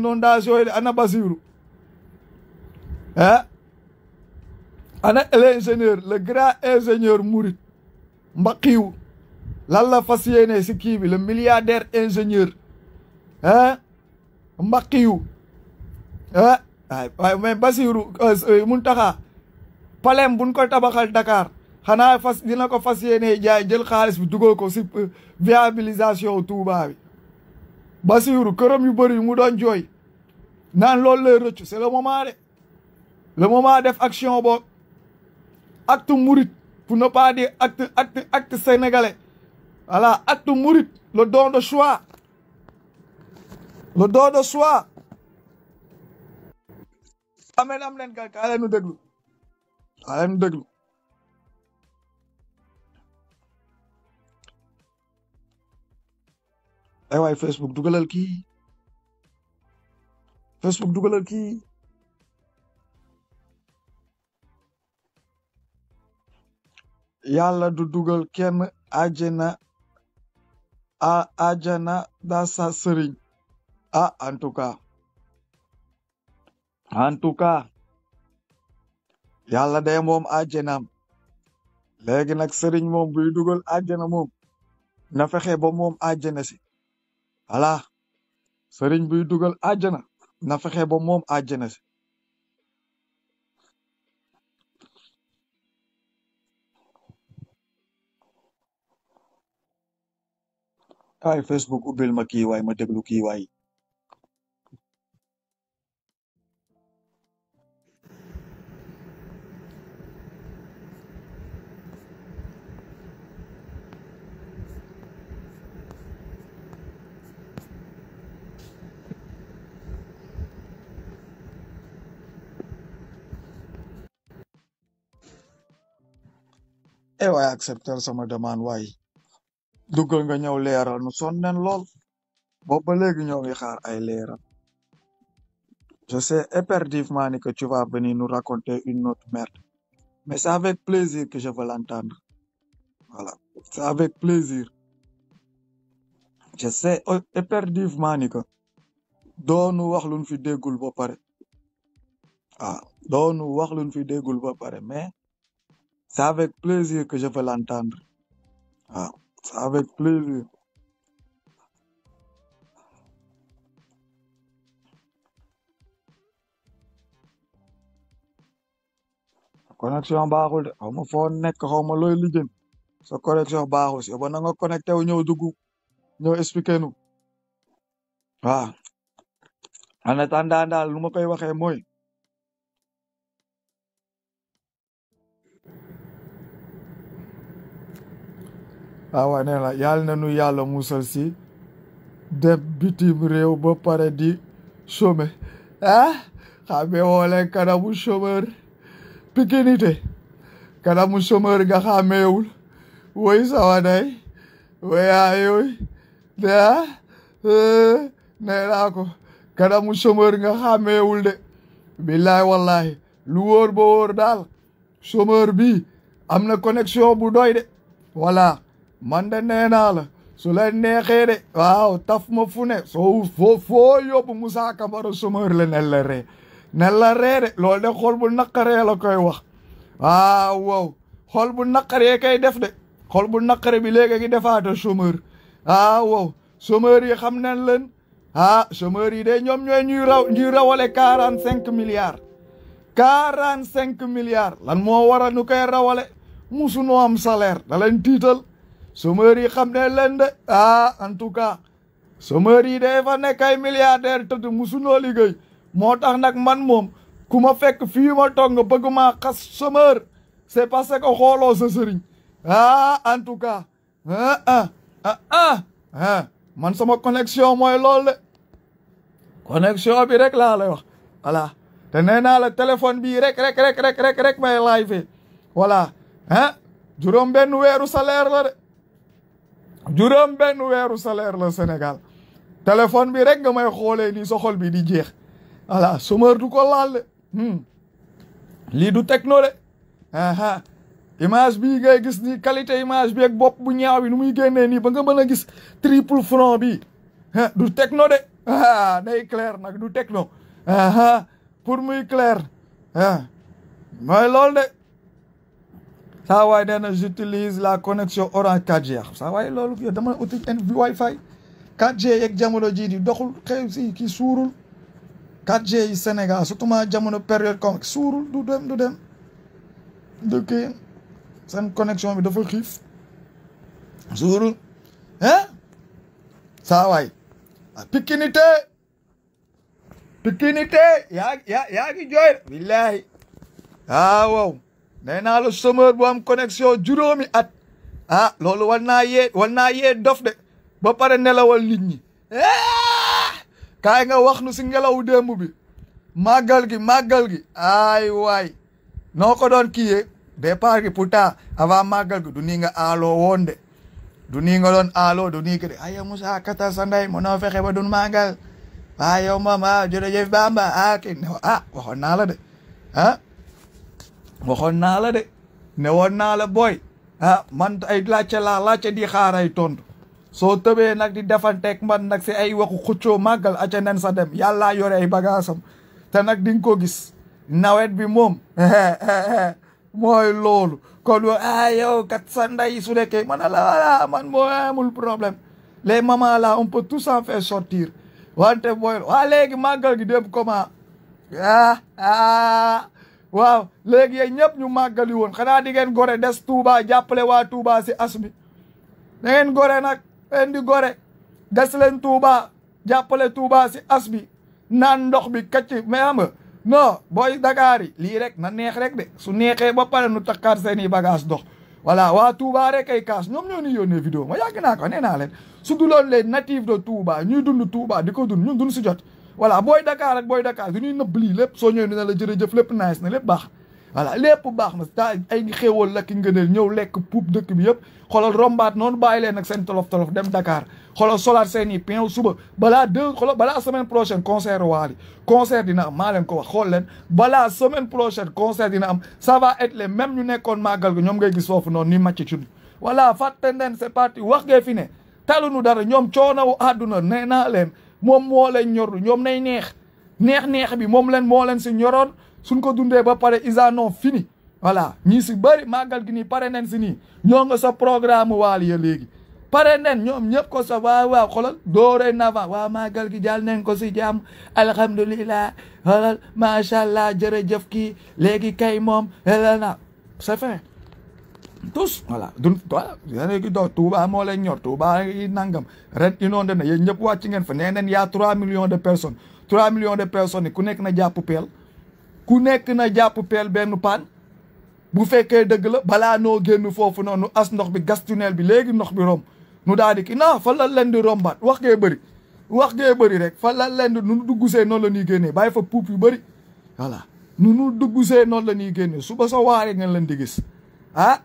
inondation yi de ana Basiru ah eh? ana l'ingénieur le grand ingénieur Murit mbaqiw lan la fas yéene si kii bi le milliardaire ingénieur ah eh? mbaqiw eh? ah waaye mais Basiru euh, euh, Muntaxa palem buñ ko tabaxal Dakar xanaa fas dina ko fas yéene jaay jël xaalis bi dugal ko si euh, viabilisation Touba bi Bassirou këram yu bëri yu mu doon jooy naan loolu lay rëccu c'est le moment de le moment def action boo acte mouride pour ne pas dire acte acte acte sénégalais voilà acte mouride le don de choix le don de choix ah, ameen am leen kay nu déglu kaa nu déglu ay eh, facebook dugalal ki facebook dugalal ki yalla du dugal kenn ajana a ajana da sa sëriñ a en tout cas en tout cas yàlla day mom ajanaam léegi nag sëriñ mom buy dugal ajana mom, na fexé ba mom ajana si ala sëriñ bi dugal àjjana na fexe ba moom àjjana si ay Facebook ubbil ma kii waay ma déglu kii e waay accepter sama demande waay duggal nga ñëw leral nu son nen lool boobu ba léegi ñoo ngi xaar ay leral je sais éperdivement manique que tu vas venir nous raconter une autre merde mais c'est avec plaisir que je veux l'entendre voilà c'est avec plaisir je sais éperdivement manique que nous wax luñ fi déggul ba paré ah nous wax luñ fi déggul ba paré mais c'est avec plaisir que je veux l'entendre. Ah, c'est avec plaisir. connexion baaxul de xaw ma foo nekk xaw ma looy lijjën sa connexion baaxul si yow na nga connecté wu ñëw dugg ñëw expliqué nu waaw ah. en attendant daal lu ma koy waxee mooy waaw ah nee la yàlla na yàlla musal si dem bitim réew ba pare di chômé ah xamee woo leen kanamu chômeur pikinité kanamu chômeur nga xameewul woy sawa day woyaayooy de ah eh, nee naa ko kanamu chômeur nga xameewul de billaay wallahi lu wóor ba wóor daal chômeur bi am na connexion bu doy de voilà man de nee naa la su la neexee de waaw taf ma fu ne soo foo foo yóbbu Moussa Camara chômeur la ne la ree ne la ree de loolu de xool bu naqaree la koy wax waaw waaw xool bu naqaree kay def de xool bu naqare bi léegi gi defaata chômeur waaw waaw chômeur xam nañ leen ah chômeur yi de ñoom ñooy ñuy raw ñuy rawale quarante cinq milliards quarante cinq milliards lan moo wara ñu koy rawale musu noo am salaire da leen tiital Sumeri lende ah en tout cas sumeri day fa nek ay milliardaire teud musuno ligay motax nak man mom kuma fekk fi ma tong beuguma khas sumer c'est parce que xolo sa serigne ah en ah ah ah ah, man sama connexion moy lol de connexion bi rek la lay wax wala te neena la telephone bi rek rek rek rek rek rek may live voilà hein jurom ben wéru salaire la de juróom benn weeru salaire la Sénégal téléphone bi rek nga may xoolee nii sa xol bi di jeex voilà chômeur du ko laal de hmm. lii du techno de aha image bii ngay gis ni qualité image bi ak bopp bu ñaaw bi nu muy génnee nii ba nga mën a gis triple front bi du techno de ah day clair nag du techno aha pour muy clair ah mooy loolu de saa waay nee na j'utilise la connexion Orange 4G saa waay loolu yow dama uti Wi-Fi 4G yeeg jamono jii di doxul xëy si kii suurul 4G yi Sénégal surtout ma jamono période comme suurul du dem du dem du kii bi dafa xiif suurul hein saa waay ah, pikinité pikinité yaa yaa yaa ngi jooy billahi ah, waaw nee naa la chômeur bu am connexion juróomi at ah loolu war naa yee war naa yee dof de ba pare nelawal nit ñi ah! kaay nga wax nu si ngelawu démb bi màggal gi màggal gi ay waay noo ko doon kiiyee départ gi pourtant avant màggal gi du nii nga aaloo woon de du nii nga doon aaloo du nii que de ayo Moussa Kata Sanday mënoo fexe ba dun màggal waaw yow moom ah jërëjëf Bamba ah kii ne ah waxoon naa la de ah waxoon naa la de ne woon naa la booy ah man ay laajte laa laajte di xaaray tontu soo tëbee nag di defanteeg man nag si ay waxu xuccoo màggal aca nen sa dem yàllaa yore ay bagaasam te nag di ko gis nawet bi moom mooy loolu kon ay ah, yow kat sa su nekkee man la ah, ah, man moo amul problème les mamans là on peut tous en wante mooy waa léegi màggal gi dem comment ah waaw léegi yéen ñëpp ñu màggali woon xanaa di ngeen gore des Touba jàppale waa Touba si as bi da ngeen gore nag ngeen gore des leen Touba jàppale Touba si as bi naan ndox bi kacc mais xam nga non booy Dakar yi lii rek na neex rek de su neexee ba pare nu takkaat seen i bagage dox voilà waa Touba rek ay kaas ñoom ñoo ñu yónnee vidéo ma yàgg naa ko nee naa leen su duloon les natifs de Touba ñuy dund Touba di ko dund ñun dund si jot voilà boy Dakar ak booy dakaar du ñuy nëbb lii lépp soo ñëwee dina la jërëjëf lépp nice na lépp baax voilà lépp baax na taa ay xéewal la ki ngëneel ñëw lekk puub dëkk bi yëpp xoolal rombaat noonu bàyyi leen ak seen tolof tolof dem Dakar xoolal solaat seen i pin suba balaa deux xoolal balaa semaine prochaine concert waali concert dina am maa leen ko wax xool leen balaa semaine prochaine concert dina am ça va être les ñu nekkoon màggal ko ñoom ngay gis foofu noonu ni màcc ci voilà fàtte leen c'est parti wax ngeen fi ne taluñu dara ñoom coonawu àdduna nee naa leen moom moo ñor ñoom nay neex neex-neex bi moom leen mooleen si ñoroon suñ ko dundee ba pare ils non fini voilà ñii si bëri màggal gi nii pare nen si nii ñoo nga sa programme waal ya léegi pare nen ñoom ñëpp ko sa waaw waaw xolal doore nava waaw màggal gi jàll nen ko si jàmm alhamdulilah xolal macha allah jërëjëf ki léegi kay moom la na tous voilà dun voilà yéen a ngi moo leen ñor Touba yi nangam ren de na yéen ñëpp wàcc ngeen fa nee neen y'a trois millions de personnes trois millions de personnes ku nekk na jàpp peel ku nekk na jàpp peel benn paan bu fekkee dëgg la balaa noo génn foofu noonu as ndox bi gas bi léegi ndox bi romb nu daal di ki fa la leen di rombaat wax gee bëri wax gee bëri rek fa la leen di nu duggusee noonu la nii génnee bàyyi fa puup yu bëri voilà nu nu duggusee noonu la ñuy génnee suba sa waaree ngeen leen di gis ah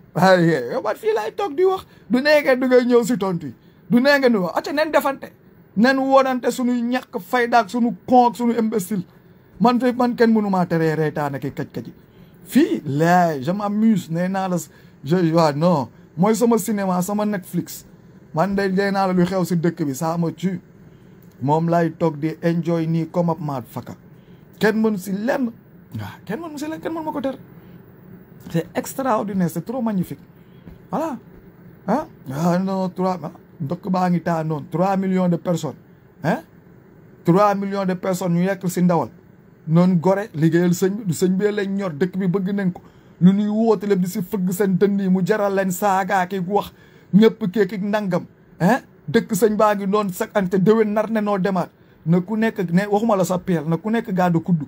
man fii laay toog di wax du nekkee du ngay ñëw si tontu yi du nekkee nu wax acca nen defante nen woonante suñuy ñàkk faydaak suñu con ak suñu imbécile man de man kenn mënu maa teree reetaan ak kaj-kaji fii laay je m'amuse nee naa la je vois à, non mooy sama cinéma sama Netflix man de dee naa la lu xew si dëkk bi ça me tue moom laay toog di enjoy nii comme ab maat faka kenn mënu si lenn waaw à, kenn mënu si lenn kenn mënu ma ko ter C'est extraordinaire, c'est trop magnifique. Voilà. Hein? Ah non, 3, hein? 3 millions de personnes. Hein? 3 millions de personnes ñu yekk si non non gore liggéeyal sëñ bi du sëñ bi lañ ñor dëkk bi bëgg nañ ko lu ñuy woote lépp di si fëgg seen dënd yi mu jaral leen saagaa ki wax ñëpp keeki nangam hein dëkk sëñ baa ngi noonu non déwén nar ne noo demaat na ku nekk ne waxuma la sa peel na ku nekk gàddu kuddu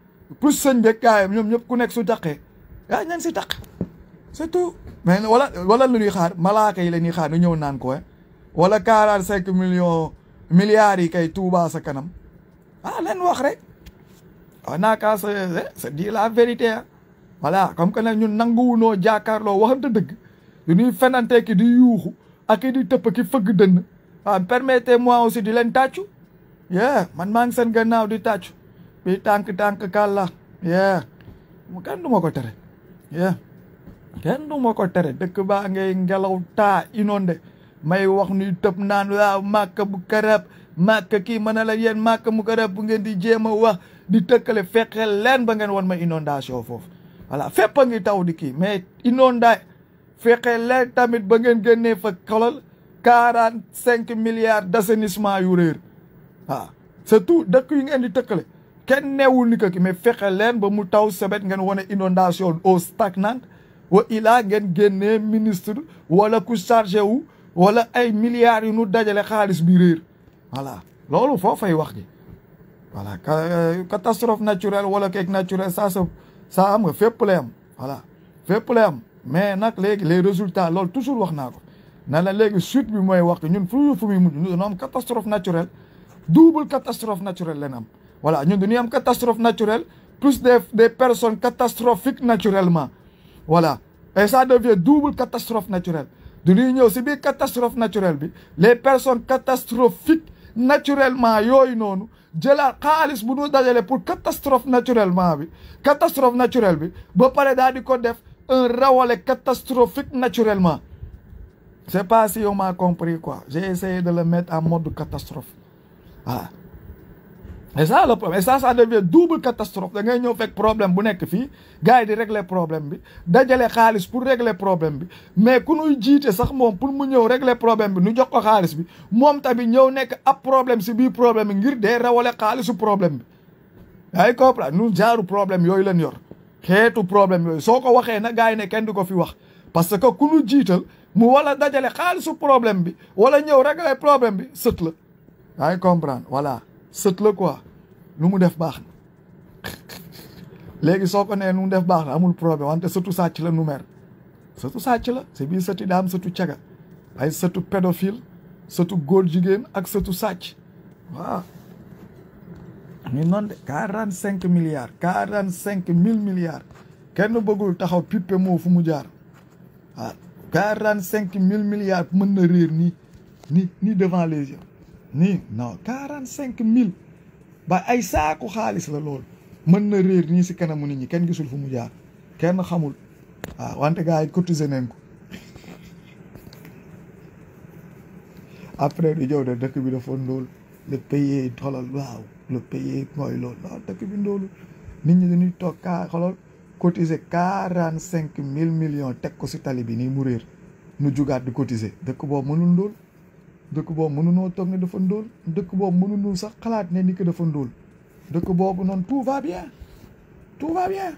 plus sëñ beeg gaayam ñoom ñëpp ku nekk su taqee yaa ñan si taq c'est mais wala wala lu ñuy xaar malaaka yi la ñuy xaar ñu ñëw naan ko wala quarante cinq millions milliards yi kay tuubaa sa kanam ah leen wax rek waaw ah, naakaa sa sa eh, di la vérité ah voilà comme que nag ñun nanguwunoo jaakaarloo waxante dëgg du ñuy fenante ki di yuuxu ak di tëpp ki fëgg dënn waaw ah, permettez moi aussi di leen tàccu yeah man maa ngi seen gannaaw di tàccu ಟಾಂಕ್ ಟಾಂಕ್ ಕಾಲ ya. ಗಂಡು ಮಕೊಟ್ಟಾರೆ ಯಾ ಗಂಡು ಮಕೊಟ್ಟಾರೆ dëkk baa ngay ngelaw taa inonde may wax ni tëb nan waaw mak bu karab mak ki manala yen mak mu karab bu ngeen di jema wax di tekkale fexe len ba ngeen won ma inondation fof wala fépp ngi taw di ki mais inonda fexe leen tamit ba ngeen fek fa kolal 45 milliards d'assainissement yu yu réer c'est tout dekk yu ngeen di tekkale kenn neewul ni ki mais fexe leen ba mu taw sebet ngeen wane inondation eau stagnante wa ilaa ngeen génnee ministre wala ku chargé wu wala ay milliards yu nu dajale xaalis bi réer voilà loolu foo fay wax ji voilà euh, catastrophe naturelle wala keek naturelle ça sa ça am nga fépp lay am voilà fépp lay am mais nag léegi les résultats lool toujours wax naa ko na la léegi suite bi mooy wax ñun fu fu muy mujj ñu am catastrophe naturelle double catastrophe naturelle leen am voilà nous avons am catastrophe naturelle plus des personnes catastrophiques naturellement voilà et ça devient double catastrophe naturelle De l'Union aussi, une catastrophe naturelle les personnes catastrophiques naturellement nous, noonu jëlaat xaalis bu pour catastrophe naturellement catastrophe naturelle bi un rawale catastrophique naturellement c'est pas si on m'a compris quoi j'ai essayé de le mettre en mode catastrophe voilà et ça le problème et ça ça devient double catastrophe ngay ñëw fekk problème bu nekk fii gars yi di régler problème bi dajale xaalis pour régler problème bi mais ku ñuy jiite sax moom pour mu ñëw régler problème bi nu jox ko xaalis bi moom tamit ñëw nekk ab problème si biir problème bi ngir dee rawale xaalisu problème bi. yaa ngi comprendre jaaru problème yooyu leen yor xeetu problème yooyu soo ko waxee na gars ne kenn du ko fi wax parce que ku ñu jiital mu wala dajale xaalisu problème bi wala ñëw régler problème bi sët la yaa ngi comprendre sët la quoi lu mu def baax na léegi soo ko nee lu mu def baax na amul problème wante sëtu sàcc la numère sëtu sàcc la c'est biir sëti daam sëtu caga ay sëtu pédophile sëtu góor jigéen ak sëtu sàcc waaw ñu noonu de quarante cinq milliards quarante cinq mille milliards kenn bëggul taxaw pippe moo fu mu jaar waaw quarante cinq mille milliards mën na réer nii ni ni devant les nii non quarante cinq mille ba ay saaku xaalis la loolu mën na réer nii si kanamu nit ñi kenn gisul fu mu jaar kenn xamul waaw ah, wante gars yi cotiser nañ ko après du jow de dëkk bi dafa ndóol le pays xolal waaw le pays mooy loolu dëkk bi ndóolu nit ñi dañuy toog kaa xolal cotiser quarante cinq mille million teg ko si tali bi nii mu réer nu jugaat di cotiser dëkk boo mënul ndóol dëkk boobu mënunoo toog ne dafa ndóol dëkk boobu mënunoo sax xalaat ni ko dafa ndóol dëkk boobu noonu tout va bien tout va bien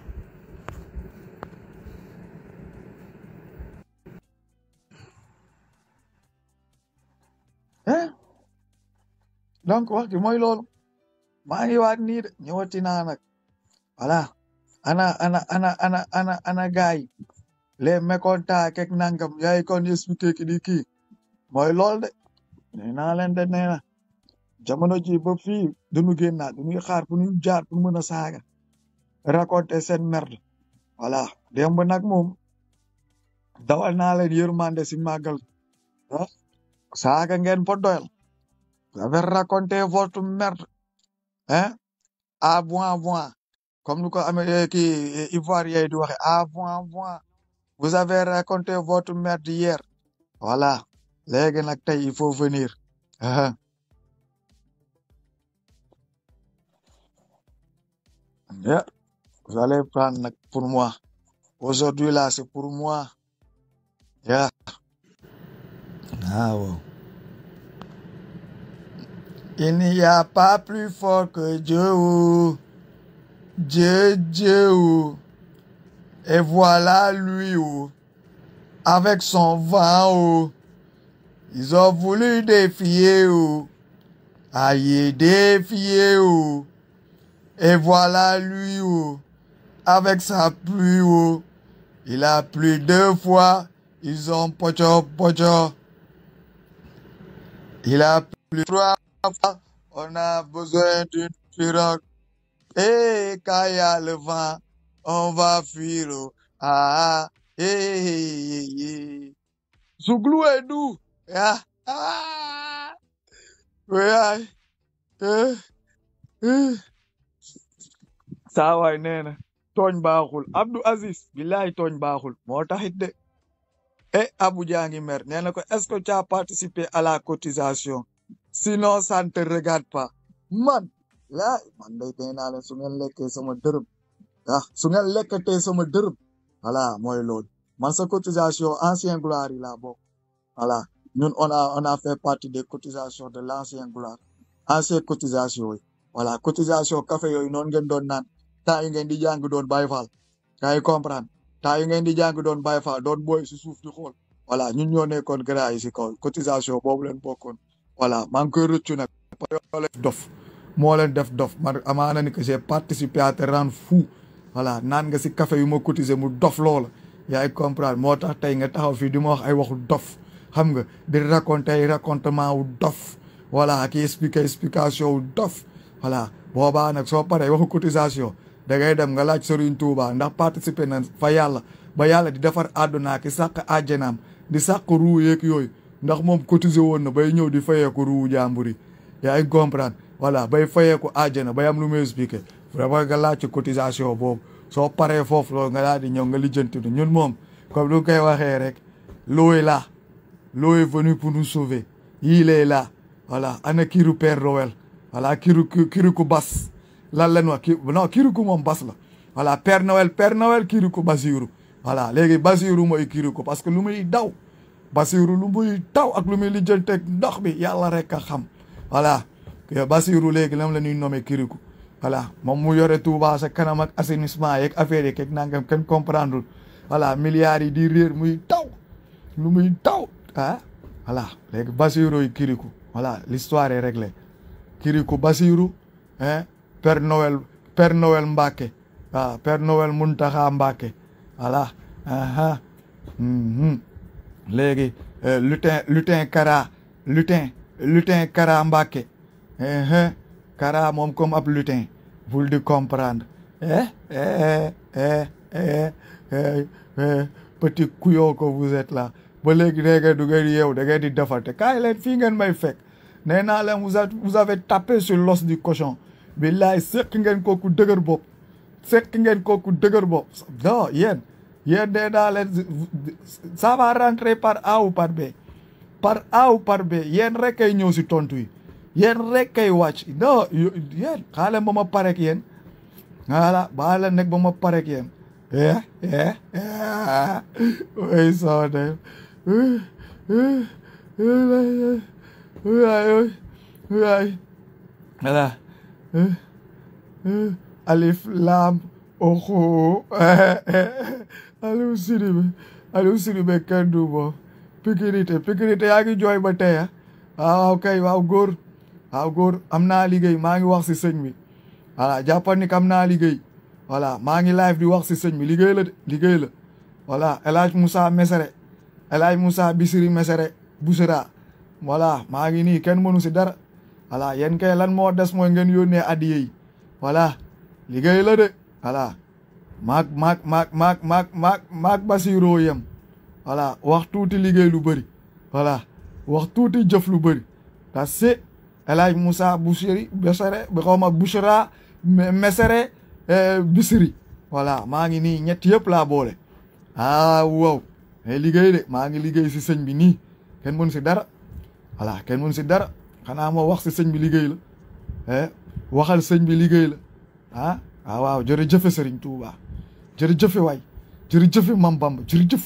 hein donc wax gi mooy loolu maa ngi waat nii de ñëwati naa nag voilà ana ana ana ana ana ana gaay les mécontents kek nangam yaay kon expliqué ki di kii mooy loolu de nee naa leen de nee na jamono ji ba fii duñu génnaat duñuy xaar fu ñu jaar pour mën a saaga raconter seen merde voilà démb nag moom dawal naa leen yërmande si màggal ah saaga ngeen fa doyal vous avez raconté votre merde hein avant avant comme nous ko amee eh, kii eh, Ivoirien yi di waxe avant avant vous avez raconté votre merde hier voilà il faut venir vous allez prendre pour moi aujourd'hui là c'est pour moi ah, il n'y a pas plus fort que Dieu Dieu Dieu et voilà lui avec son vent ils ont voulu défier ou aïe défier ou et voilà lui ou avec sa pluie ou il a plu deux fois. Ils ont pocho pocho. Il a plu trois fois. On a besoin d'une pirogue. Et quand il y a le vent, on va fuir. Ah, eh, eh, eh, Zouglou et nous. Ja. Ah. Ah. Ah. saa waay nee na tooñ baaxul Abdou Aziz billaay tooñ baaxul moo taxit de e Abu jaa ngi mer nee na ko est-ce que tu as participé à la cotisation sinon ça ne pas man laay man day tey naa leen su ngeen lekkee dërëm ah su ngeen lekkatee sama dërëm voilà mooy loolu man sa cotisation ancien gloire la laa bokk Nous, on a, a fait partie des cotisation de l'ancien gloire. Ancien cotisation, oui. Voilà, cotisation café, oui, non, ngeen doon naan. temps yi ngeen di jàng doon Baay Faal. Yaa ngi comprendre. temps yi ngeen di jàng doon Baay Faal, doon boy si suuf di xool. voilà ñun ñoo nekkoon gars yi si kaw cotisation boobu leen bokkoon voilà maa ngi koy rëccu nag dof moo leen def dof man amaana ni que j'ai participé à te rendre fou voilà naan nga si café yu ma cotisé mu dof loola yaay comprendre moo tax tey nga taxaw fii di ma wax ay waxu dof xam nga di raconter ay racontement wu dof voilà ak expliquer explication wu dof voilà boobaa nag soo paree waxu cotisation da ngay dem nga laaj Serigne Touba ndax participer na fa yàlla ba yàlla di defar àdduna ki sàq àjjanaam di sàq ruu yeeg yooyu ndax moom cotisé woon na bay ñëw di fayee ko ruu jàmbur yi yaa ngi comprendre voilà bay fayee ko àjjana bay am lu muy expliqué vraiment nga laaj ci cotisation boobu soo paree foofu loolu nga daal di ñëw nga lijjanti ñun mom comme lu koy waxee rek looy la l'eau est venue pour nous sauver. Il est là. Voilà. Anakiru Père Roel. Voilà. Kiru, Kiruku Bas. Là, là, non. Kiruku mon Bass là. Voilà. Père Noël, Père Noël, Kiruku Basiru. Voilà. Légui Basiru moi Kiruku. Parce que l'oumé daw. Basiru l'oumé daw. Ak l'oumé li jentek ndox bi. Yalla rek a xam. Voilà. Basiru légui gens la ñuy nommé Kiruku. Voilà. tout bas. C'est Touba sa kanam ak assainissement Une affaire yeeg nangam Qui comprendre. Voilà. Milliards yi di réer muy taw. Lu taw ah voilà léegi et Kirikou voilà l'histoire est réglée Kirikou Bassirou hein Père Noël Père Noël Mbake ah Père Noël Muntaxa Mbake voilà aha uh-huh. mm-hmm. léegi euh, lutin lutin Kara lutin lutin Kara Mbake hein uh-huh. Kara moom comme ap lutin vous le comprendre eh eh, eh eh eh eh eh petit couillon que vous êtes là ba léegi léegi du ngeen yeew da ngeen di defarte kaay leen fii ngeen may fekk nee naa leen vous avez tapé sur l'os du cochon billaay sekk ngeen kooku dëgër bopp sekk ngeen kooku dëgër bopp non yéen yéen nee naa leen par A par B par A par B yéen rek kay ñëw si tontu yi yéen rek kay wàcc non yéen xaale ba ma parek yéen voilà baa nekk ba ma parek yéen eh eh eh alif laam oxo Aliou Sidibé Aliou Sidibé kenn du moom Pikirité Pikirité yaa ngi jooy ba tey waaw ah. ah, kay waaw góor waaw góor am naa liggéey maa ngi wax si sëñ bi voilà jàppal ni am naa liggéey voilà maa ngi live di wax si sëñ bi liggéey la de liggéey la voilà El Hadj Moussa Mesere Elai Musa bisiri mesere busera wala ni ken monu dar ala yen kay lan mo des moy ngeen yónnee adiyey wala liggéey la de wala mak mak mak mak mak mak mak basiro yam, wala wax tuuti liggéey lu beuri wala wax tuuti jëf lu beuri parce que El besere Moussa busera bi xoma busera Mesere eh, Bisiri wala ma ngi ni ñet yep la bolé ah wow mais eh, liggéey de maa ngi liggéey si sëñ bi nii kenn mënu si dara voilà kenn mënu si dara xanaa moo wax si sëñ bi liggéey la eh, waxal sëñ bi liggéey la ah ah waaw jërëjëfe Sëriñ Tuuba jërëjëfe waay jërëjëfe Mam Bamba jërëjëf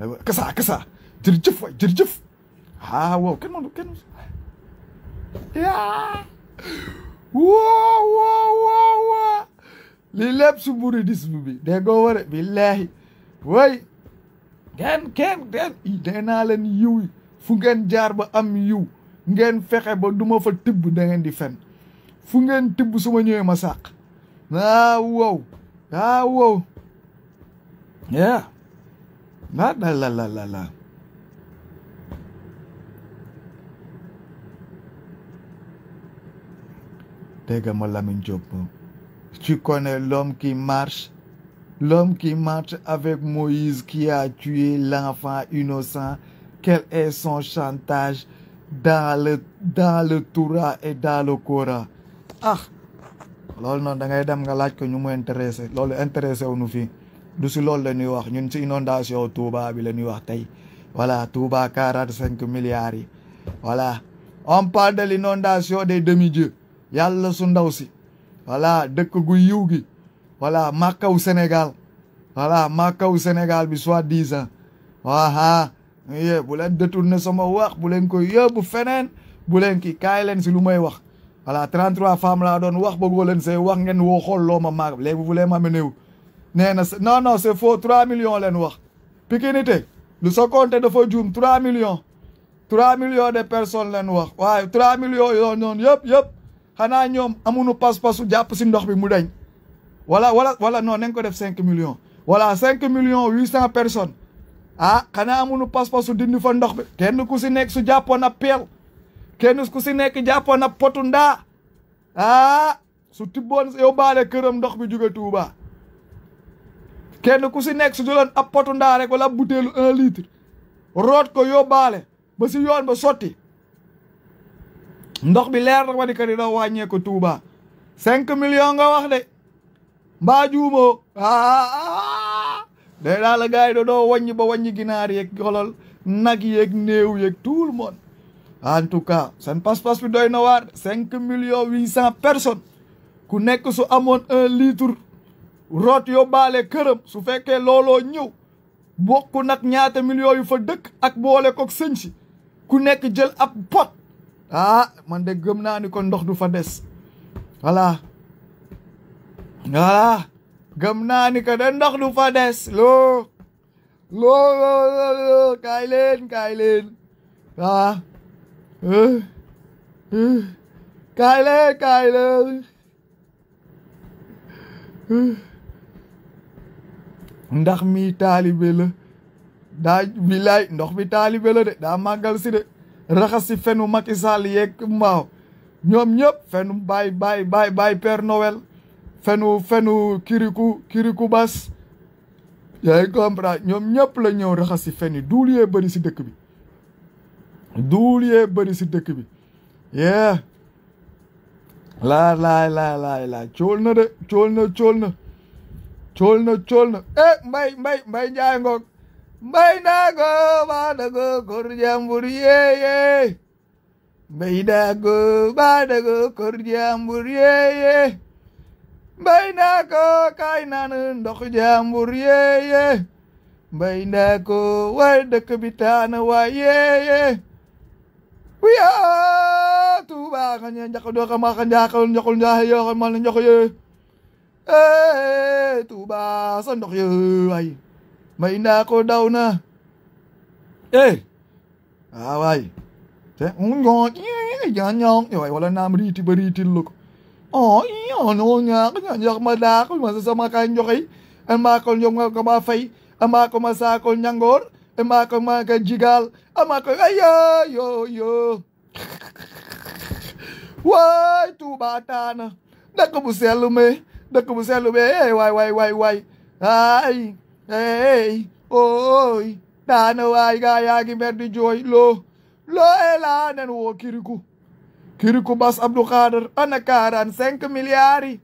eh, kasa kasa jërëjëf waay jërëjëf ah waaw kenn mënu kenn yaa woo woo woo woo lii lépp su mouridisme bi déggoo ware billahi way kenn kenn kenn nee naa leen yiw fu ngeen jaar ba am yiw ngeen fexe ba du ma fa tibb da ngeen di fen fu ngeen tibb su ma ñëwee ma sàq ah wow ah wow yeah la la la la la dégg ma Lamine Diop tu connais l'homme qui marche L'homme qui marche avec Moïse qui a tué l'enfant innocent, quel est son chantage dans le, dans le Torah et dans le Coran ah lol non, da ngay dem nga laaj ko ñu mu intéressé lolou intéressé wu ñu fii du ci loolu la wax ñun ci inondation Touba bi la wax tay voilà Touba 45 milliards voilà on parle de l'inondation des demi-dieux yalla su ndaw si voilà dëkk gu yiw gi Voilà, Maka au Sénégal. Voilà, Maka au Sénégal, bi soit 10 ans. Waha. Yeah, bu leen détourner sama wax bu leen ko yóbbu feneen fenen, leen ki kaay leen si lu may wax voilà 33 femmes laa doon wax bëggoo leen say wax ngeen woo xool ma maag léegi vous voulez m'amener où non non c'est faux 3 millions leen lu sa de dafa 3 millions 3 millions de personnes leen wax waaye 3 millions yoo noonu yëpp yëpp xanaa ñoom pas-pasu jàpp si ndox bi wala wala wala non nañ ko def cinq millions wala 5 millions 800 personnes ah xanaa amuñu pas-pas su dindi fa ndox bi kenn ku si nekk su a ab peel kenn ku si nekk jàppoon Japon potu potunda? ah su tibboon yóbbaale këram du bi jóge Tuuba kenn ku si nekk su jëloon ab potu ndaa rek wala butéelu 1 litre que ko yóbbaale ba si yoon ba Ndok bi lèr, nga mbaa juumoo de daal la gars yi doo wàññi ba wàññi ginaar yeeg xolal nag yeeg néew yeeg tout le monde en tout cas seen pas-pas bi doy na waar cinq millions huit cent personnes ku nekk su amoon un litre root yóbbaale këram su fekkee looloo ñëw bokk nag ñaata millions yu fa dëkk ak boole kook sëñ ku nekk jël ab pot ah man de gëm naa ni ko ndox du fa des voilà ah gëm naa ni que ah, eh, eh, eh. da ndox du fa des loo loo loo loo kaay leen kaay leen ah kaay leen kaay leen ndax mi taalibe la daa bilaay ndox mi taalibe la de daa màggal si de raxas fenu Macky Sall yeeg mbaaw ñoom ñëpp fenu baay baay baay baay Père Noël fenu fenu kiriku kiriku bas yaa ngi comprendre ñoom ñëpp la ñëw raxas si fen yi duul yee bëri si dëkk bi duul yee bëri si dëkk bi yee laa laay laay laay cool na de cool na cool na cool na cool na eh mbay mbay mbay njaay ngoog mbay naa go baa dago kor jàmbur yee yee mbay naa go baa dago kor jàmbur yee mbay ndaako kaay naan ndoxu jàmbur yeeye mbay ndaako dëkk bi taana waay yeeye wiya tuuba ka ñe njaka doo ka maa ka njaakal njoxul njaaxe yoo xam man njox daw na ee aa ah, waay te ngon ñoo ñoo ñoo wala naam riiti ba riitil lu Oh, ano nga, kanyang madakol, masasama kanyo kay, ang mga kanyong kamafay, ang mga kumasakol niyang gor, ang mga kumakajigal, ang mga kanyang, ayayo, yo. yo Why, tu bata na, nakumuselo me, nakumuselo me, hey, why, why, why, why, ay, hey, oy, dano ay gaya gimer di joy, lo, lo, ela, nanuwa kiriku. kiriku bas Abdou Khader ana quarante cinq milliards yi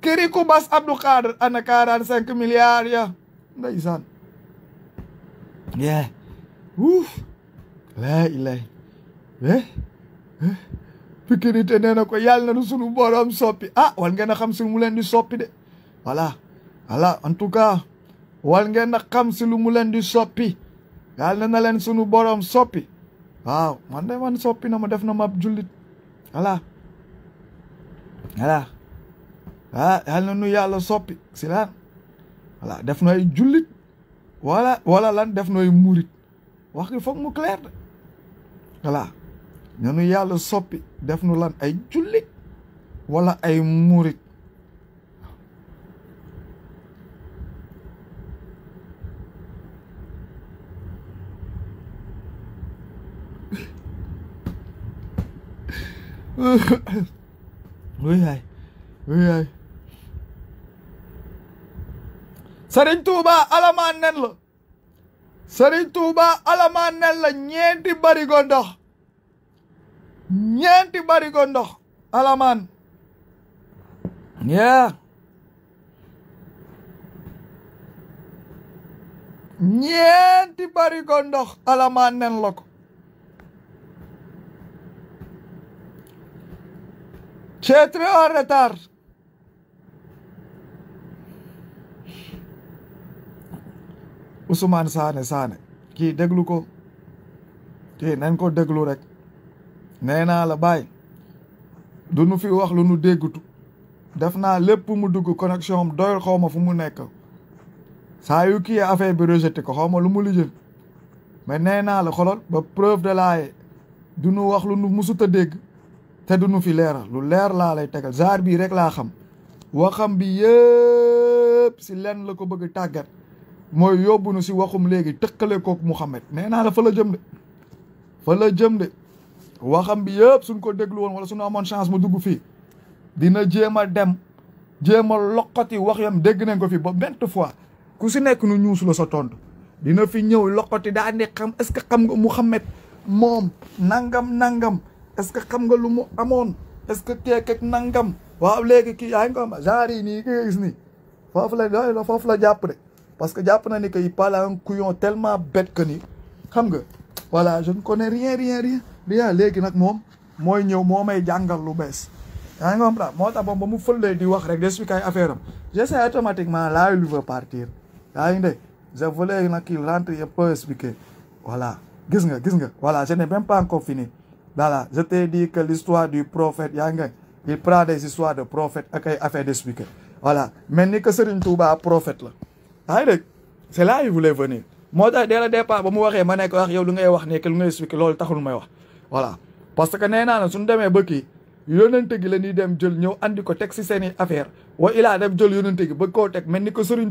kiriku bas Abdou Khader ana quarante cinq milliards ya ndeysaan ye wuuf laa ilay eh sécurité eh? nee na ko yàlla na nu sunu borom soppi a ah, wal ngeen a xam si mu leen di soppi de voilà voilà en tout cas wal ngeen a xam si lu mu leen di soppi yàlla na leen sunu borom soppi waaw man de man soppi na ma def na ma ab jullit voilà voilà ah na nu yàlla soppi si laan voilà def na ay jullit wala wala lan def na ay murit wax gi foog mu clair de voilà na nu yàlla soppi def nu lan ay jullit walla ay murit oui ay oui Tuuba alamaan nen la Sëriñ Tuuba alamaan nen la ñeenti barigo ndox ñeenti barigo ndox alamaan yeah ñeenti barigo ndox alamaan nen la क्षेत्र और रतार Ousmane saane Sané kii déglu ko kii nañ ko déglu rek nee naa la baay du nu fi wax lu nu déggutu def naa lépp mu dugg connexion am doyul xaw ma fu mu nekk saa yu kii affaire bi rejeté ko xaw ma lu mu lijjël mais nee naa la xolol ba preuve de laaye du nu wax lu nu musut a dégg te du nu fi leeral lu leer laa lay tegal genre bii rek laa xam waxam bi yëpp si lenn la ko bëgg tàggat mooy yóbbu nu si waxum léegi tëkkale kook Mouhamed nee naa la fa la jëm de fa la jëm de waxam bi yëpp suñ ko déglu woon wala suñu amoon chance mu dugg fii dina jéem a dem jéem a loqati wax yam dégg nañ ko fi ba vingt fois ku si nekk nu ñuus la sa tontu dina fi ñëw loqati daa ne xam est-ce que xam nga Mouhamed moom nangam nangam est-ce que xam nga lu mu est-ce que keek ak nangam waaw legui ki yaa ngi jari ni genre yi nii ki nga gis nii foofu la foofu la de parce que japp na ni que il parle un couillon tellement bête que ni xam nga voilà je ne connais rien rien rien rien legui nak mom moy ñew momay jangal lu bees yaa ngi comprendre mo ta moom ba mu fëlee di wax rek d'expliquer affaire am sais automatiquement là il veut partir yaa ngi je voulais nak qu'il rentre un peu expliquer voilà gis nga gis nga voilà je n'ai même pas encore fini Voilà, je t'ai dit que l'histoire du prophète, kan. il prend des histoires de prophètes, et eh, a fait des speakers. Voilà. Maintenant que Serigne Touba prophète là. C'est là il voulait venir. Moi, dès le départ ba mu waxee ma nekk wax yow lu ngay wax nekk lu ngay que dem jël andiko andi ko teg si seen i affaire wa ilaa dem jël yónente gi ba koo teg mel ni que Serigne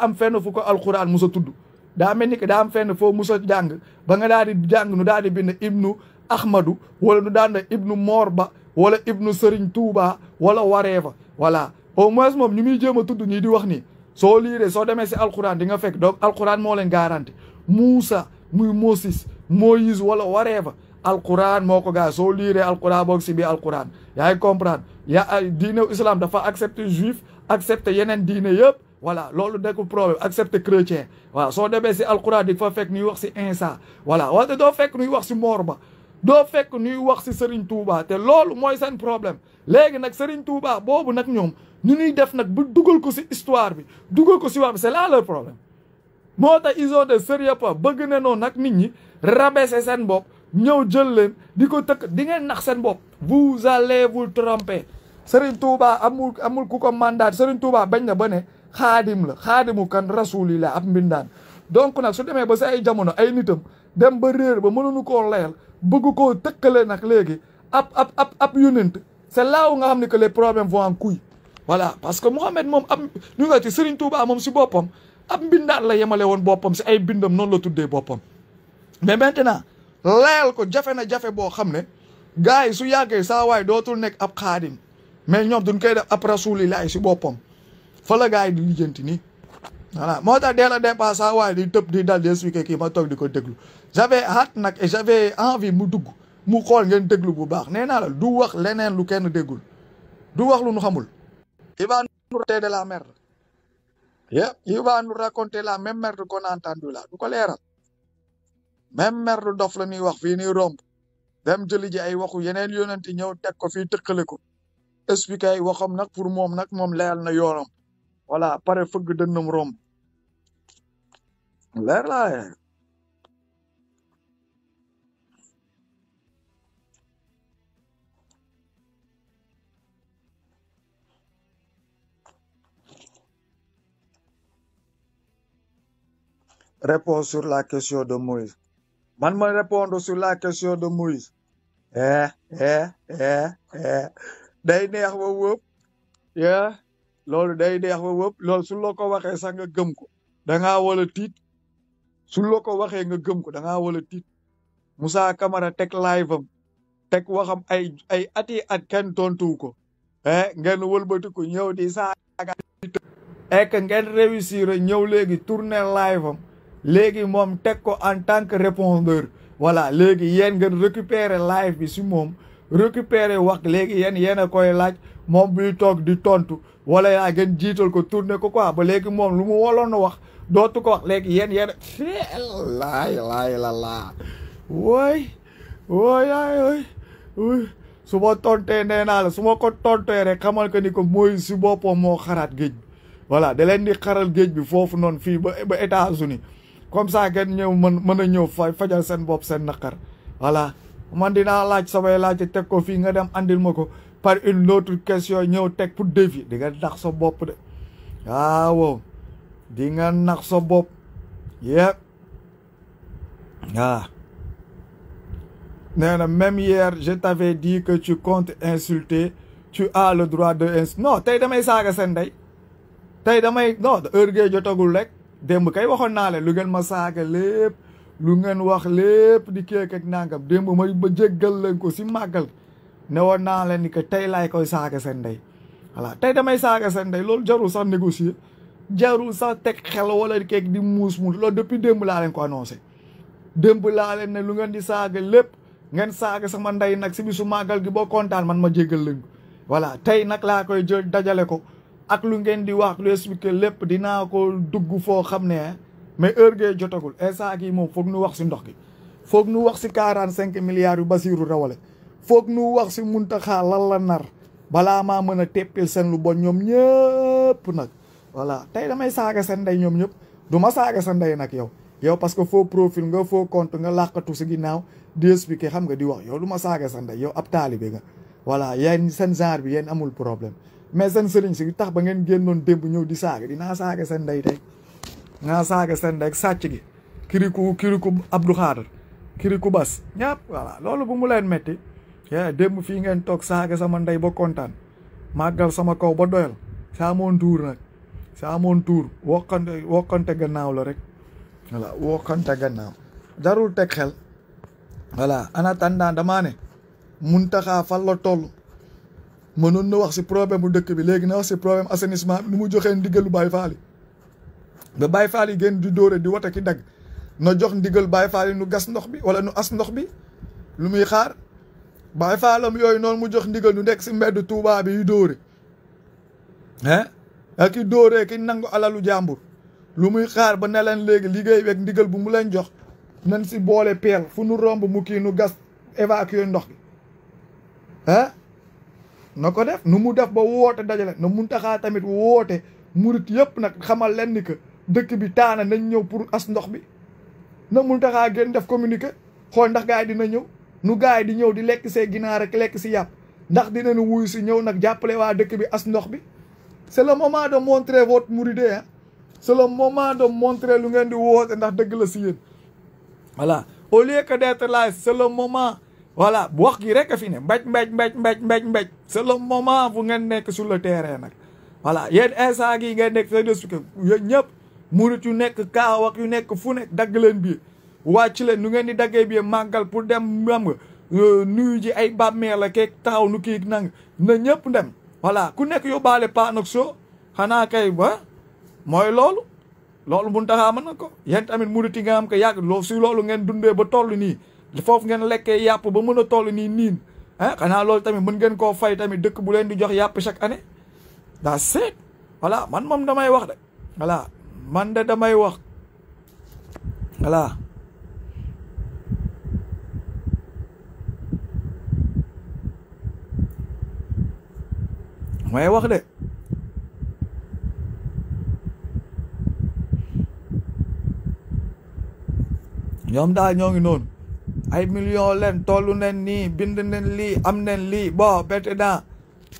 am fenn fu ko alxuraan musa tudd daa mel da am fenn foo musa jàng ba nga nu ibnu ahmadu wala nu daan ibnu morba wala ibnu serintuba, touba wala wareva wala, au moins mom ñu mi jema tuddu ni di wax ni so lire so ci alquran di nga fek donc alquran mo len garanti Moussa muy Moses Moïse wala wareva alquran moko ga so lire alcorane alquran ci bi alquran ya comprendre yaa diine islam dafa accepter juif accepter yenen diine yeb voilà loolu nekkul problème accepter chrétien Voilà, so demee ci alquran di fa fek ni wax si insa voilà wa do fek ni wax si morba. doo fekk ñuy wax si Serigne Touba te loolu mooy seen problème léegi nag Serigne Touba boobu nag ñoom ñu ñuy def nag bu dugal ko si histoire bi dugal ko si wax bi c'est là problème moo tax ils ont de sérieux pas bëgg ne noonu nag nit ñi rabaisser seen bopp ñëw jël leen di ko tëkk di ngeen nax seen bopp vous allez vous tromper Serigne Touba amul amul ku ko mandat Serigne Touba bañ na ba ne xaadim la xaadimu kan rasulillah ab mbindaan donc nag su demee ba si ay jamono ay nitam dem ba réer ba mënuñu koo layal bëgg koo tëkkale nag léegi ab ab ab ab yonent c'est là où nga xam ne que les problèmes vont en couille voilà parce que Mohamed moom ab ñu nga ci Serigne Touba moom si boppam ab mbindaat la yemale woon boppam si ay bindam noonu la tuddee boppam mais maintenant layal ko jafe na jafe boo xam ne gars yi su yàggee saa waay dootul nekk ab xaadim mais ñoom duñ koy def ab rasulilaay si boppam fa la gars yi di lijjanti nii voilà moo tax dès de départ saa waaye di tëb di dal di expliqué kii ma toog di ko déglu j'avais hâte nag et j'avais envie mu dugg mu xool ngeen déglu bu baax nee naa la du wax leneen lu kenn déggul du wax lu nu xamul il va nous raconter de la merde yëpp il va raconter la même merde qu'on a entendu la du ko leeral même merde dof la ñuy wax fii ni romb dem jëli ji ay waxu yeneen yonent ñëw teg ko fii tëkkale ko expliqué ay waxam nag pour moom nag moom leeral na yoonam voilà pare fëgg dënnam romb verla yani. Eh. Réponds sur la question de Moïse. Man ma répondre sur la question de Moïse. Eh, eh, eh, eh. Day neex ba wëpp. Yeah. Loolu day neex ba wëpp. Loolu su la nga gëm ko. Da wala tiit. su la ko waxee nga gëm ko da ngaa wala tiit Moussa Camara teg live am teg waxam ay ay ati at kenn tontuwu ko eh ngeen wëlbatiku ñëw di saaga ek eh, ngeen réussir ñëw léegi tourner live am léegi moom teg ko en tant que répondeur voilà léegi yéen ngeen récupérer live bi si moom récupérer wax léegi yéen yéen a koy laaj moom buy toog di tontu wala yaa gen jiital ko tourner ko quoi ba léegi moom lu mu woloon wax dootu ko wax léegi yéen yéen laay laay la laa wooy wooy laay su ma tontee nee naa la su ma ko tontee rek xamal ko ni ko mooy si boppam moo xaraat géej bi voilà da leen di xaral géej bi foofu noonu fii ba ba États-Unis comme ça ngeen ñëw mën mën a ñëw fay fajal seen bopp seen naqar voilà man dinaa laaj samay laaj teg ko fii nga dem andil ma ko par une autre question ñëw teg pour défi di nga dax sa bopp de waaw dengan naksobob. Yep. Ah. Même hier, je t'avais dit que tu comptes insulter. Tu as le droit de insulter. Non, tey damay saaga seen day tey damay non heure gee jotagul rek démb kay waxoon naa leen lu ngeen ma saaga lépp lu ngeen wax lépp di keek ak nangam démb ma ba jéggal leen ko si màggal ne woon naa leen ni que tey laay koy saaga seen day voilà tey damay saaga seen day loolu jarul sax négocier jaru sa tek xel wala kek di mus lo lo depuis demb la len ko annoncer nelungan la len ne lu ngeen di saga lepp ngeen saga sama nday nak si bisu magal gi bo contane man ma djegal leung voilà tay nak la koy dajale ko ak lu ngeen di wax lu expliquer lepp dina ko dugg fo xamne mais heure gee jotagul instant gi mom foog nu wax si ndox gi foog nu wax si 45 milliards yu basirou rawale fognu nu wax si muntakha lan la nar bala ma meuna a sen lu bon ñom ñepp nak voilà tey damay saaga seen ndey ñoom ñëpp du ma saaga sa ndey nag yow yow parce que foo profil nga foo compte nga làqatu si ginnaaw di expliquer xam nga di wax yow du ma saaga sa ndey yow ab taalibe nga voilà yéen seen genre bi yéen amul problème mais seen sëriñ si tax ba ngeen génnoon démb ñëw di saaga dinaa saaga seen ndey tey naa saaga seen ndey sàcc gi kiriku kiriku Abdou Khadr kiriku Bas ñaap voilà loolu bu mu leen metti ye eh, démb fii ngeen toog saaga sama ndey ba kontaan màggal sama kaw ba doyal saa sa amoon tuur wokkante wokkante gannaaw la rek voilà wokkante gannaaw jarul teg xel voilà en attendant damaa ne Muntaxa fan la toll mënoon na wax si problème bu dëkk bi léegi na wax si problème assainissement bi nu mu joxee ndigalu Baay Faal yi ba Baay Faal yi di dóore di wote ki dagg na jox ndigal Baay Faal yi nu gas ndox bi wala nu as ndox bi lu muy xaar Baay Faalam yooyu noonu mu jox ndigal nu nekk si mbedd Tuubaa bi yu dóore hein ak i dóoree ki nangu alalu jàmbur lu muy xaar ba ne leen léegi liggéey weeg ndigal bu mu leen jox nañ si boole peel fu nu romb mu kii nu gas évacuer ndox bi ah na ko def nu mu def ba woote dajale na mun taxaa tamit woote murit yëpp nag xamal leen ni que dëkk bi taana nañ ñëw pour as ndox bi na mun taxaa gën def communiqué xool ndax gars yi na ñëw nu gars yi di ñëw di lekk see ginaar ak lekk si yàpp ndax dinañu wuyu si ñëw nag jàppale waa dëkk bi as ndox bi c'est le moment de montrer votre mouride ah c'est le moment de lu ngeen di woote ndax dëgg la si yéen voilà au lieu que d'être là moment voilà wax gi rek a fi ne mbaj mbaj mbaj mbaj mbaj mbaj c'est le moment bu ngeen nekk sur le terrain nag voilà yéen instant gi ngeen nekk sa desuke yéen ñëpp murit yu nekk kaaw yu nekk fu nekk dagg leen bi wàcc leen nu ngeen di daggee bi màggal pour dem xam nga euh, nuyu ji ay bàmmeel la keeg taxaw nu kii nang na ñëpp dem voilà ku nekk yóbbaale paan ak soo xanaa kay ba mooy loolu loolu mun taxaa mën na ko yen tamit murit yi nga xam ko yàgg loo su loolu ngeen dundee ba toll nii foofu ngeen lekkee yàpp ba mën a toll nii niin ah xanaa loolu tamit mën ngeen koo fay tamit dëkk bu leen di jox yàpp chaque année daa seet voilà man moom damay wax de voilà man de damay wax voilà mooy wax de ñom da ñoo ngi noonu ay millions leen tollu nen ni bind nen li am nen lii bon bette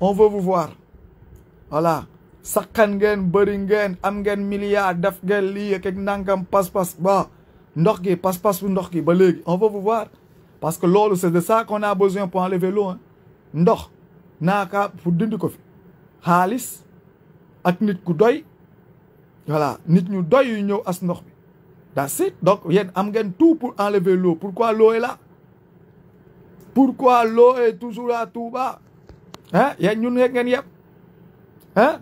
on veut vous voir voilà sakkan ngeen bëri ngeen am ngeen milliards def ngeen li ak nangam pas-pas bo ndox gi pas-pas bu ndox gi ba légui on veut vous voir parce que lolu c'est de ça qu'on a besoin pour enlever l'eau hein. ndox naka pour dindi ko fi halis ak nit ku doy voilà nit ñu doy yu as nox bi that's donc Ils am tout pour enlever l'eau pourquoi l'eau est là pourquoi l'eau est toujours là tout bas hein yeen ñun ngeen hein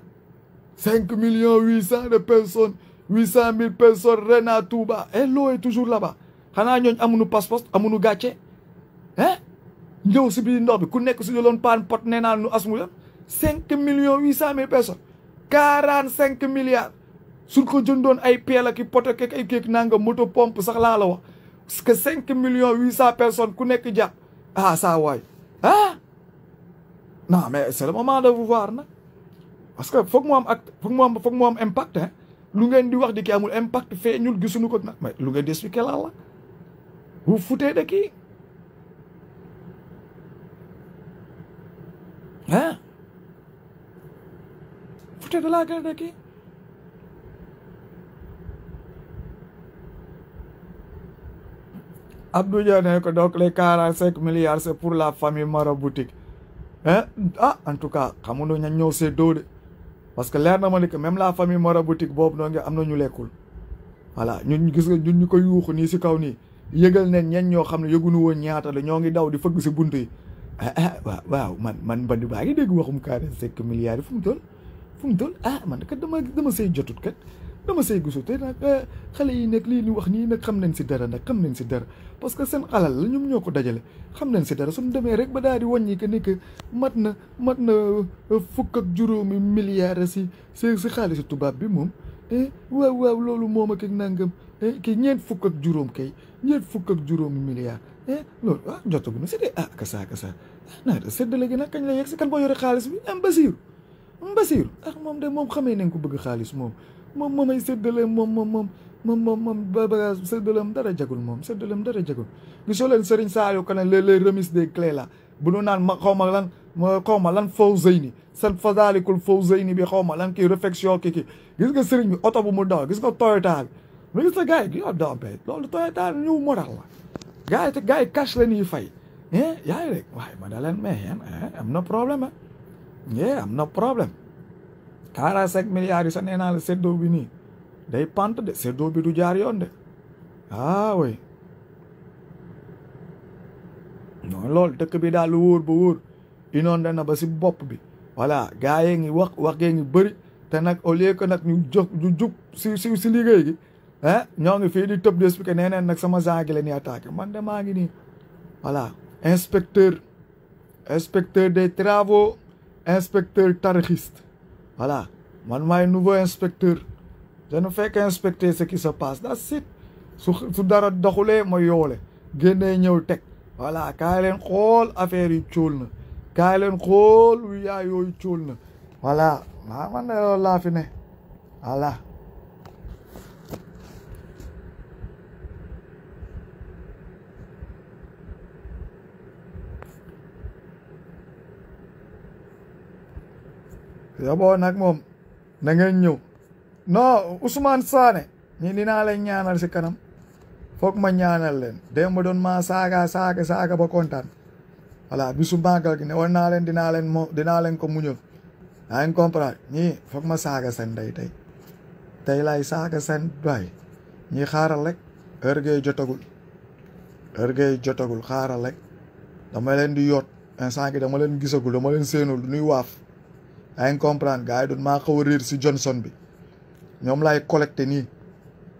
5 millions 800 de personnes 800 000 personnes rena tout bas et l'eau est toujours là-bas xana ñoo amunu passeport amunu gatché hein ñew ci bi ndox bi ku nekk ci lon pan pot neenal ont asmu 5 millions 800 000 personnes 45 milliards sur ko jëndoon ay pel ak i ak ay kek nanga moto pompe sax la la wax parce que 5 millions 800 personnes ku nek ja ah ça way ah non mais c'est le moment de vous voir na parce que que mo am acte que mo am que mo am impact hein lu ngeen di wax di ki amul impact ñul gisunu ko nag mais lu ngeen di expliquer la la vous foutez de qui hein after the lager lagi Abdou Diané ko donc les 45 milliards c'est pour la famille maraboutique hein ah en tout cas xamuno ñan ñëw see doo parce que leer na que même la famille boutique boobu no nga amna ñu lekkul voilà ñun gis nga ñun ñu ko ni ci kaw ni yëgal ne ñen ño ñaata la daw di fëgg ci buntu yi ah, ah, waaw man man bandu baagi ngi dégg waxum 45 milliards fu mu fum mu ah man kat dama dama sey jotut kat dama sey gisu te nag xale yi nek li ni wax ni nak xam nañ ci dara nak xam nañ ci dara parce que sen xalal la ñum ñoko ko dajale xam nañ ci dara suñu demee rek ba daal di wàññi que ni matna mat na ak juroomi milliards ci si ci xaalisu tubab bi mom eh waaw waaw lolu mom ak nangam eh ki ñeent fuk ak juroom kay ñeent fuk ak juroomi milliards loolu ah jotagu na si de ah kasa kasa naa seddale gi nak kañ la yex si kan bo yori xaaliss bi am basir Basiir ah moom de moom xamee nañ ko bëgg xaalis moom moom moomay séddale moom moom moom moom moom moom ba bagage séddaleem dara jagul moom séddaleem dara jagul gisoo leen Serigne Saliou Kane les les remises des clés là bu nu naan ma xaw ma lan ma xaw ma lan Fawzeyni seen Fadalikul Fawzeyni bi xaw ma lan kii réflexion kii kii gis nga Serigne bi oto bu mu daw gis nga Toyota bi mais gis nga gars yi yow daw bee loolu Toyota ñëw moral la gars yi te gars yi cash la ñuy fay eh yaa ngi rek waaye ma da leen mais yéen am na problème ah Yeah, no problem. Kara sek miliari sa nena le séddoo bi nii day pant de séddoo bi du jaar yoon de ah we no lol dëkk bi daal lu wóor ba wóor inondé na ba si bopp bi wala gars ngi wax wax ngi te au lieu que ñu si si si gi eh ñoo ngi di top di expliqué nee neen sama genre le ni ñuy attaqué man de maa ngi nii voilà travaux inspecteur tarixiste voilà suis un nouveau inspecteur je ne fais qu'inspecter ce qui se passe that's it su su dara doxulee ma yoole génnee ñëw teg voilà kaay leen xool affaire yi cóol na kaay leen il y a yooyu voilà Je suis ne voilà yoboo nag moom na ngeen ñëw non Ousmane Sané ñi dinaa leen ñaanal si kanam foog ma ñaanal leen ma doon maa saaga saaga saaga ba kontaan voilà bisu màggal gi ne woon naa leen dinaa leen mo dinaa leen ko muñul yaa ngi comprendre ñii foog ma saaga seen day tey tey lay saaga seen doy ñi xaaral rek heure gay jotagul heure gay jotagul xaaral rek dama leen di yoot instant gi dama leen gisagul dama leen séenul nuy waaf yaa ngi comprendre gars yi doon maa xaw si Johnson bi ñoom laay collecté nii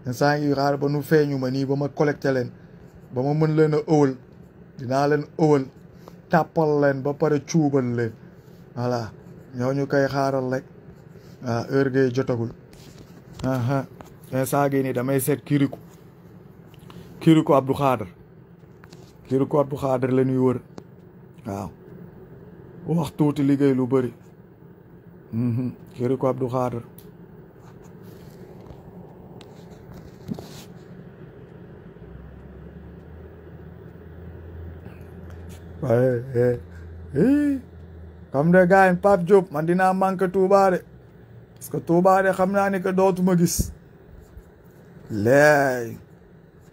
instant yi xaar ba nu feeñu ma nii ba ma collecté leen ba ma mën leen a ëwal dinaa leen ëwal tàppal leen ba pare cuubal leen voilà ñu koy xaaral rek ah heure gay jotagul instant gi nii damay seet kiriku kiriku Abdou Khader kiriku Abdou Khader la ñuy wër waaw wax tuuti liggéey lu bari Jericho Abdou Khadr waaye xam de gars yi Pape Diop man dinaa manqué Touba de parce que Touba de xam naa ni que dootuma gis léegi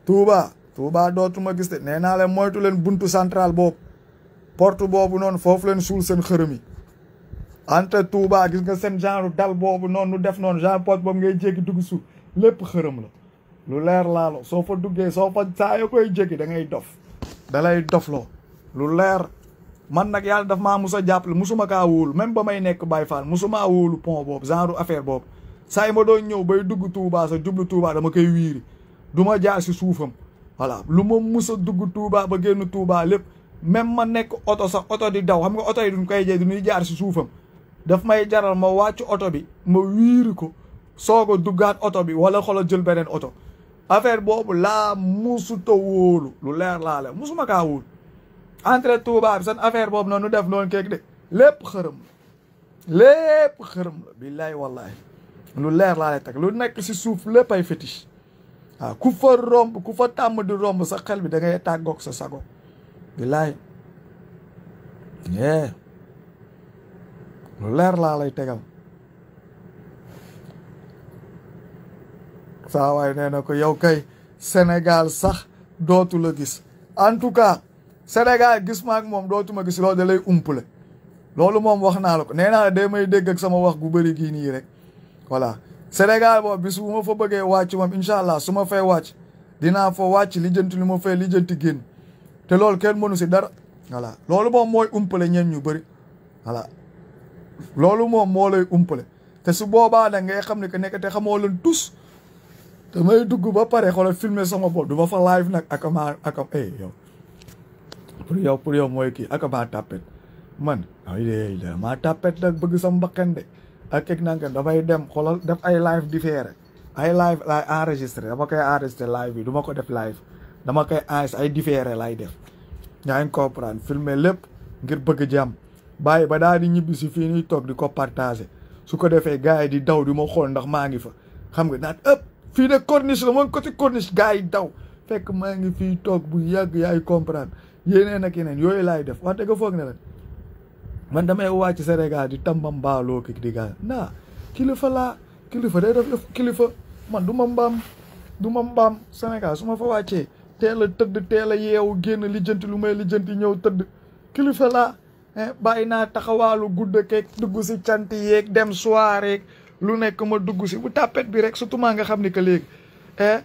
Touba Touba dootuma gis de nee naa leen moytu leen buntu central boobu porte boobu noonu foofu leen suul seen xërëm yi Anta tuubaa gis nga seen genre dal boobu noonu nu def noonu genre poche boobu ngay jéggi dugg suuf lépp xërëm la lu leer laa la soo fa duggee soo fa saa koy jéggi da ngay dof da lay dofloo lu leer man nag yàlla daf maa mus a jàppale musuma kaa wóolu même ba may nekk Baye Fall musuma wóolu pont boobu genre affaire boobu saa ma doon ñëw bay dugg tuubaa sa jublu tuubaa dama koy wiiri du ma jaar si suufam voilà lu ma mus a dugg tuubaa ba génn tuubaa lépp même ma nekk oto sax oto di daw xam nga oto yi duñ koy jee duñuy jaar si suufam daf may jaral ma wàcc auto bi ma wiiri ko soog dugat auto bi wala xoolal jël benen auto affaire bobu la musu to wolu lu leer la la musuma ka wul entre Touba bi seen affaire bobu nonu def non kek de lépp xërëm lépp xërëm la billahi wallahi lu leer la lay tak lu nek ci souf lépp ay fétiche ah ku fa romb ku fa tam du romb sa xel bi da ngay tagok sa sago billahi yeah lu leer laa lay tegal saa waay nee na ko yow kay Sénégal sax dootul a gis en tout cas Sénégal gis maak moom dootuma gis loolu da lay loolu moom wax naa la nee naa la may dégg ak sama wax gu bëri gii nii rek voilà Sénégal boobu bis bu ma fa bëggee wàcc moom incha allah su ma fay wàcc dinaa fa wàcc lijjanti lu ma fay lijjanti génn te loolu kenn mënu si dara voilà loolu moom mooy umpale ñeen ñu bëri voilà loolu moom moo lay umpale te su boobaa nag ngay xam ne que nekk te xamoo leen tous damay dugg ba pare xoolal filmer sama bopp duma fa live nag akama akam eh yow pour yow pour yow mooy kii akama man ay maa tàppet nag bëgg sama mbaqen de ak keg nanken damay dem xoolal def ay live différé ay live laay enregistré dama koy enregistré live bi du ko def live dama koy ense ay différé lay def ñaa ngi comprendre filmer lépp ngir bëgg jàmm bàyyi ba daal di ñibbi si fii ñuy toog di ko su ko defee gars yi di daw di ma xool ndax maa ngi fa xam nga naan ëpp fii de corniche la moom côté corniche gars yi daw fekk maa ngi fii toog bu yàgg yaay comprendre yéeneen ak yeneen yooyu laay def wax dëgg foog ne la man damay wàcc Sénégal di tambambaaloo ki di gars naa kilifa laa kilifa day def kilifa man du ma mbaam du ma mbaam Sénégal su ma fa wàccee teel a tëdd teel a yeewu génn lijjanti lu ma may lijjanti ñëw tëdd kilifa laa eh baina takawalu gudd keeg dugg si cant dem soirée lu nek ma dugg si bu tapet bi rek surtout maa nga xamni ke leg eh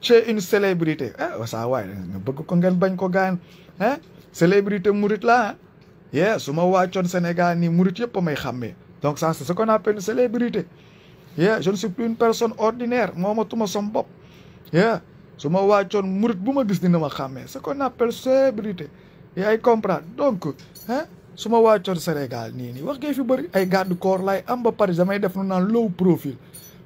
c'est une célébrité ah saa waay nga bëgg ko ngeen bañ ko gaan ah célébrité murit la ah suma waccion Sénégal ni murit yëpp may xamé donc ça c'est ce qu'on appelle une célébrité yeah je ne suis plus une personne ordinaire moomatuma som bop yeah suma waccion murit bu ma gis dina ma xamé ce qu'on appelle célébrité yaay comprendre donc hein? Eh, suma ma senegal ni ni wax ngay fi bëri ay garde corps lay am ba pare damay def non low profile,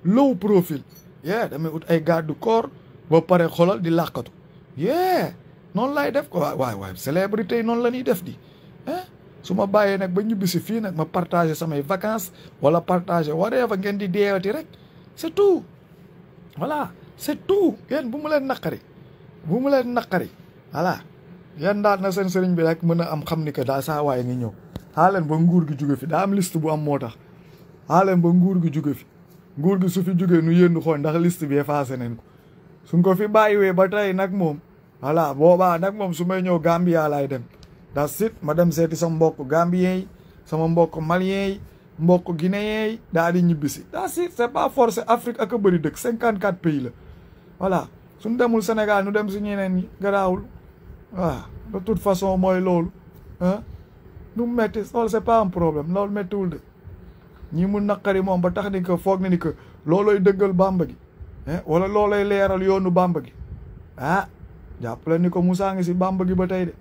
low profile, yeah damay ut ay garde corps ba paré xolal di làqatu yeah Non lay def ko way way célébrité celebrity non la ni def di hein su ma nak nag ba ñubisi fi nak ma partager samay vacances wala partager whatever ngeen di deewati rek c'est tout voilà c'est tout ngeen bu mu len nakari bu mu len nakari voilà yan daal na seen serigne bi rek meuna am xamni ni da sa way ngi ñëw xaaleen ba nguur gi joge fi da am liste bu am motax tax xaaleen ba nguur gi joge fi nguur gi su fi joge nu yéen xoy ndax liste bi effacé nañ ko suñ ko fi bàyyiwee ba tay nak mom wala boba nak mom su may ñew Gambia lay dem da sit ma dem sama mbokk Gambien sama mbokk Malien mbokk Guinéen da di ñibisi da sit c'est pas forcé Afrique ak beuri deuk 54 pays la wala suñ demul senegal nu dem si ñeneen ni waaw ah, de tout façon mooy loolu ah nu mu metti loolu c'est pas un problème loolu méttiwul de ñi mu naqari moom ba tax ni ko foog na ni que loolooy dëggal bàmba gi wala loolooy leeral yoonu bàmba gi jàpp ah, jàppale ni ko Moussa ngi si bàmba gi ba tey de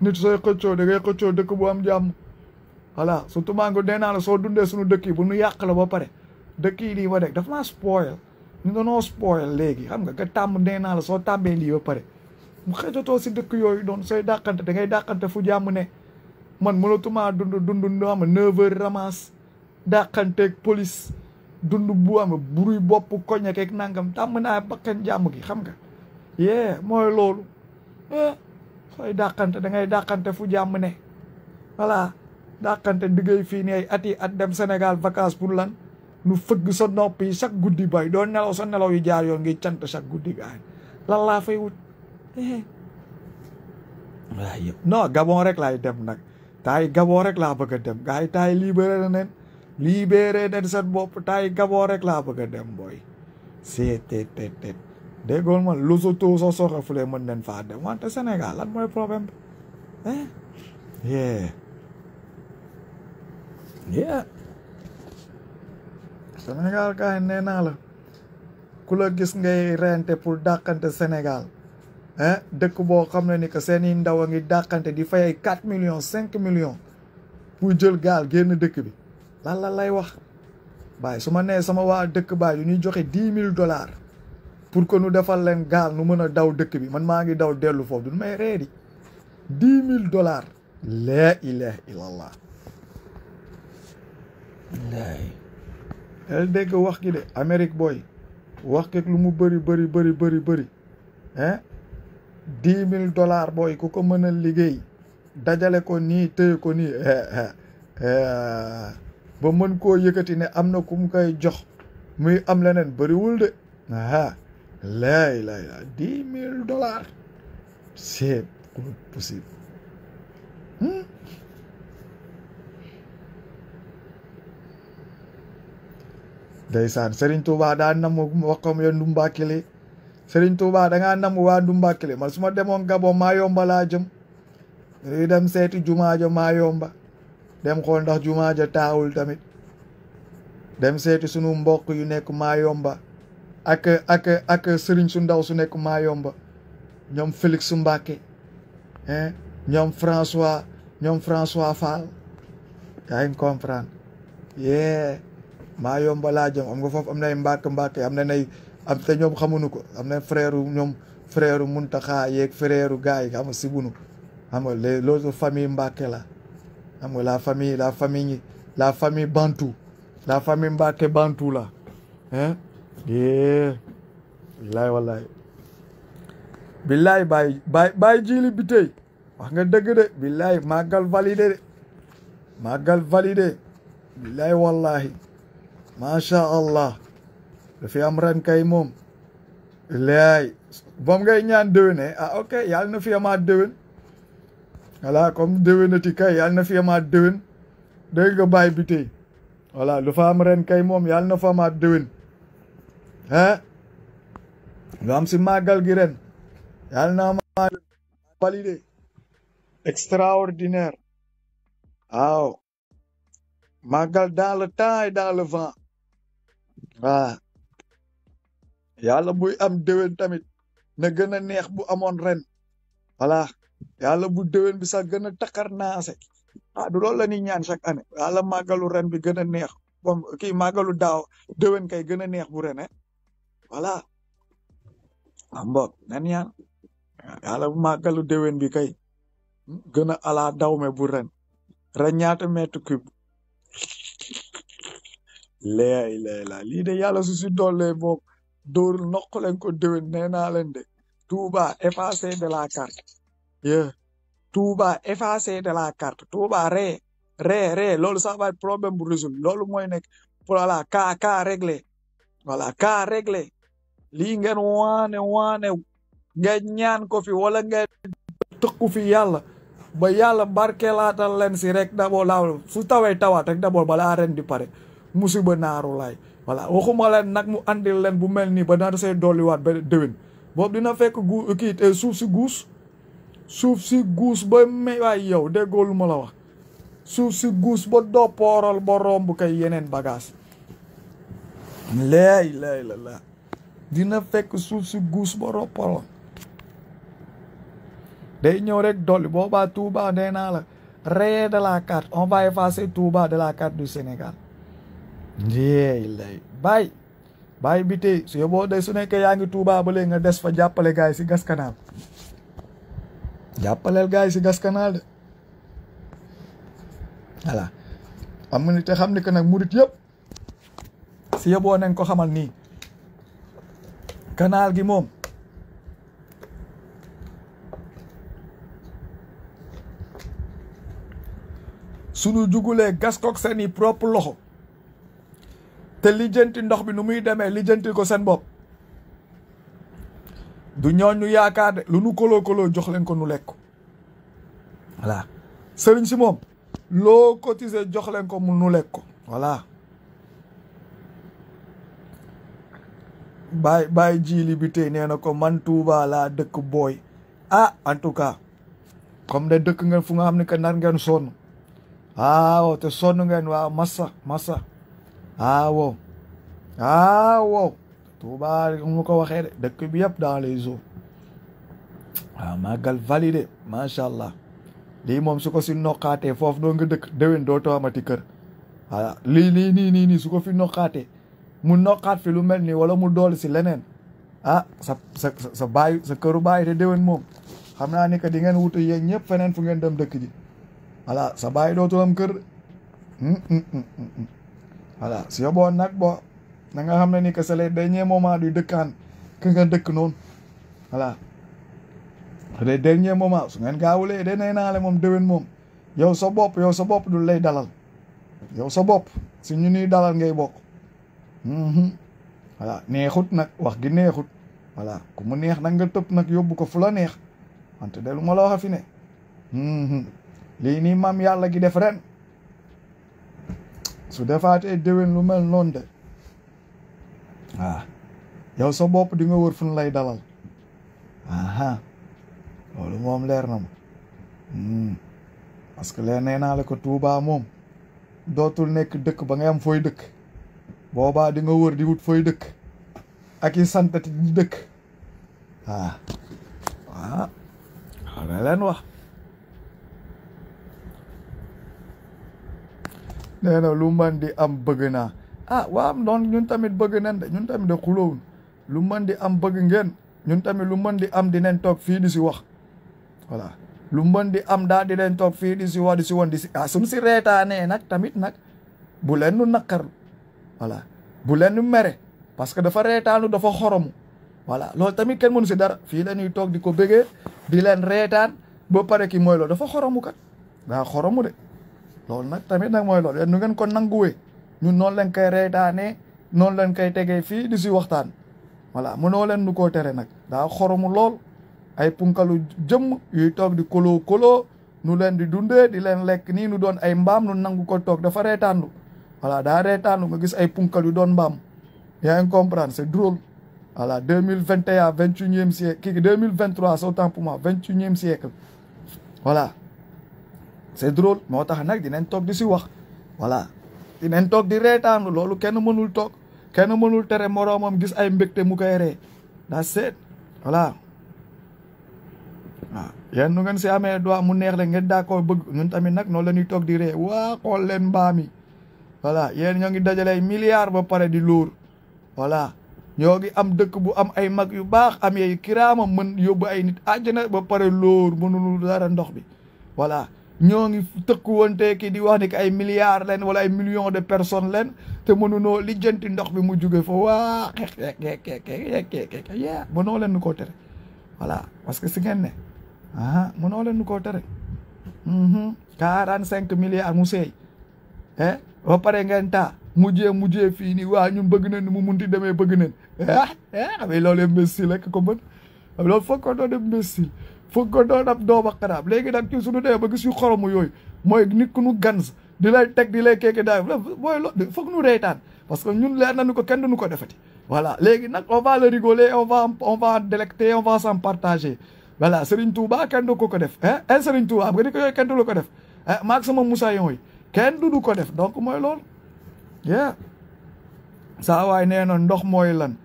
nit sooy xëccoo da ngay xëccoo dëkk bu am jàmm voilà surtout maa ngi nee naa la soo dundee suñu dëkk yi bu nu yàq la ba pare dëkk yi nii ma deg dafa maa spoil ñu danoo spoil léegi xam nga nga tàmm nee naa la soo tambe lii ba pare mu xëjatoo si dëkk yooyu doon sooy dàqante da ngay dàqante fu jàmm ne man mënatumaa dund dund doo xam ne 9 heures ramasse dàqanteeg police dund bu am buruy bopp koñak ak nangam tàmm naa bakkan jàmm gi xam nga. yee mooy loolu eh sooy dàqante da ngay dàqante fu jàmm ne voilà dàqante diggéey fii ay at dem Sénégal vacances pour lan. nu fëgg sa noppi yi guddi bay doo nelaw sa nelaw yu jaar yoon ngi cant chaque guddi gaay lan laa fay wut eh. waa yëpp non gabon rek laay dem nag taay gabon rek laa bëgg a dem gaay taay libéré na nen libéré nen bopp taay gabon rek laa bëgg a dem booy seetetetet déggoon man Lesotho soo soxafulee mën nen faa dem wante Sénégal lan mooy problème bi eh yeah Sénégal kaay nee naa la ku la gis ngay rente pour dàqante Sénégal ah dëkk boo xam ne ni que seen i ndaw a ngi dàqante di fay ay million millions cinq millions pour jël gaal génn dëkk bi lan la lay wax baay su ma nee sama waa dëkk baay yu ñuy joxe dix mille dollars pour que nu defal leen gaal nu mën a daw dëkk bi man maa ngi daw dellu foofu du may reedi dix mille dollars laa ilaha illallah del dégg wax gi de Amérique booy wax keeg lu mu bari bari bëri bari bëri hein dix mille dollars booy ku ko mën liggéey dajale ko nii téye ko nii eh, eh, eh, ba mën koo yëkkati ne am na ku mu koy jox muy am leneen bariwul de lay lay la dix mille dollars c'est possible hmm? ndeysaan Serigne Touba daa namu wakkam yo Ndumbakile Serigne Touba da ngaa namu waa Ndumbakile man su ma demoon Gabon ma yomba laa jëm dem seeti jumaaja ma yomba dem xol ndax jumaaja tawul tamit dem setu sunu mbokk yu nek ma yomba ak ak ak Serigne su ndaw su nek ma yomba ñoom Félix hein eh, ñom François ñom François Fall yaa ngi comprendre yeah maa yomba laa am nga foofu am nay mbàkk mbàkk am na nay am te ñoom xamuñu ko am na frère ñoom frère Muntaxa yeeg frère gars yi xam nga sibunu xam nga les famille Mbàkke la am nga la famille la famille la famille Bantu la famille Mbàkke Bantu la hein yee billaay wallaay billaay baay jiili bi wax nga dëgg de billaay màggal validé de màggal validé billaay wallahi macha allah dafay am ren kay moom laay bam ngay ñaan déwéne eh? ah ok yàlla na fi amaat déwén voilà comme déwénati kay yàlla na fi amaat déwén dégg nga bàyyi bi tey voilà lu fa am ren kay moom yàlla na fa amaat déwén ah lu am si màggal gi ren yàlla na amaat validé extraordinaire waaw màggal dans le temps et dans le vent waaw ah. ya buy am dewen tamit na gëna neex bu amon ren ya yàlla bu dewen bi sa gëna a nasé ah du lol la ni ñaan chaque année magalu ren bi gëna neex bom ki magalu daw dewen kay gëna neex bu ren wala, eh. am ah, mbokk nan ñaan yàlla bu magalu dewen bi kay gëna ala ala me bu ren ren ñaata mètre cube lay lay la lii de yàlla su si doole moom dóor noq leen ko déwén nee naa leen de Touba effacé de la carte ye Touba effacé de la carte Touba ree ree ree loolu ça va problème bu résolu loolu mooy nekk voilà cas cas réglé voilà cas réglé lii ngeen waane waane nga ñaan ko fi wala nge tëkku fi yàlla ba yàlla barkeelaatal leen si rek dabo laa su tawee tawaat rek d'abord balaa ren di pare musiba naaru lay wala waxuma oh, len nak mu andil len bu melni nii ba naa dasee dolliwaat ba dewin bob dina fek gu kii souf ci gous souf ci gous ba may way yow de eh, lu la wax suuf si guus ba doppooral ba romb kay yenen bagage lay lay la la dina fek souf ci gous ba roppooral day ñew rek doli boba Touba de na la ré de la carte on va effacer Touba de la carte du Sénégal yee lay baay baay bi tey su yoboo day su nekkee yaa ngi tuubaa ba léegi nga des fa jàppale gaay si gas kanaal jàppaleel gaay si gas kanaal de voilà am na te xam ni que nag murit yëpp si yoboo nañ ko xamal nii kanaal gi moom sunu jugulee gas kook seeni propre loxo te lijjanti ndox bi nu muy demee lijjanti ko seen bopp du ñooñu yaakaar de lu nu koloo kolo jox leen ko nu lekk voilà sëriñ si moom loo cotiser jox leen ko mu nu lekk ko voilà baay baay jiili bi tey nee na ko man Touba laa dëkk booy a ah, en tout cas comme de dëkk ngeen fu nga xam ne que nar ngeen sonn waaw ah, te sonn ngeen waaw massa massa awo awo Touba mu ko waxee de dëkk bi yëpp dans les eaux waaw ah, màggal validé macha allah lii moom su ko si noqaatee foofu doo nga dëkk déwén doo too amati kër voilà lii nii nii nii nii su ko fi noqaatee mu noqaat fi lu mel nii wala mu dool si leneen ah sa sa sa baay sa këru baay te déwén moom xam naa ni que di ngeen wutu yéen ñëpp feneen fu ngeen dem dëkk ji voilà sa baay dootul am kër. Hmm, hmm, hmm, Hala, siya bo nak bo. Nangaham xamné ni kasale denye di du dekan. Kan nga kan dek non. Hala. Re denye mo ma su ngeen gaawle dé né na le mom dewen mom. Yow so bop, yow so bop du lay dalal. Yow so bop si ñu ni dalal ngay bok. hmm Hala, neexut nak wax gi neexut. Ya Hala, ku mu neex nak nga tepp nak yobbu ko fu la neex. Ante delu ma la waxa fi ne. hmm Li ni mam yalla gi def ren. su defaatee déwén lu mel noon de waaw ah. yow sa bopp di nga wër fu lay dalal aha loolu moom leer na ma hmm. parce que leer nee naa la ko Touba moom dootul nekk dëkk ba ngay am fooy dëkk boobaa di nga wër di wut fooy dëkk ak i santati di dëkk ah ah leen wax nee na lu man di am bëgg naa ah am noonu ñun tamit bëgg nañ de ñun tamit de xuloowun lu man di am bëgg ngeen ñun tamit lu mën di am di leen toog fii di si wax voilà lu mën di am daal di leen toog fii di si wax di si woon di si a ah, suñ si reetaanee nag tamit nag bu leen nu naqar voilà bu leen nu mere parce que dafa reetaanu dafa xoromu voilà lool tamit kenn mënu si dara fii la ñuy toog di ko bëggee di leen reetaan ba pare ki mooy dafa xoromu kat daa xoromu de Lol, nag tamit nag mooy loolu yéen ya, nu ngeen kan ko nanguwee ñun noonu leen koy reetaane noonu di si waxtaan voilà mënoo leen nu koo tere nag daa xoromu lool ay punkalu di koloo koloo di dundee di leen lekk nii nu doon ay mbaam nu nangu ko toog dafa reetaanlu voilà daa reetaanlu nga gis ay punkal doon mbaam yaa ngi comprendre c'est drôle voilà siècle kii autant pour moi vingt e siècle voilà c'est drôle moo tax nag di siwah, wala. voilà dinañ tok di reetaanlu loolu kenn mënul tok kenn mënul tere moroomam gis ay mbégte mu koy ree daa seet voilà waaw yéen nu ngeen si tok do mu neex la ngeen daa bëgg ñun tamit nak noonu la ñuy di re wa xool leen baami voilà yéen ngi ba paré di lour voilà ñoo am dekk bu am ay mag yu baax am yey kiraama mën yóbbu ay nit aljana ba pare lóor mënul dara ndox bi voilà ñongi ngi tëkkuwante ki di wax ni ay milliards leen wala ay millions de personnes leen te li jënti ndox bi mu jóge fa waa xeex mënoo leen ko téré voilà parce que si ngén ne ah mënoo leen koo tere hmm 45 milliards mu seey eh ba ta mu jé mu jé fi ni wa ñu bëgg nañ mu munti démé bëgg nañ ah ah mais lolé messi lek ko bëgg lolé foog ko doon messi foog ko doon ab doom ak léegi nag ci suñu dee ba gis yu xoromu yooyu mooy nit ku nu gans di lay teg di lay keeki daay mooy loolu foog nu reetaan parce que ñun leer nañu ko kenn duñu ko defati voilà léegi nag on va le rigoler on va on va délecter on va s'en partager voilà Serigne Touba kenn du ko ko def eh eh Serigne Touba am yooyu kenn du ko def eh maag sama mousaillon yi kenn du ko def donc mooy loolu yeah saa waay nee na ndox mooy lan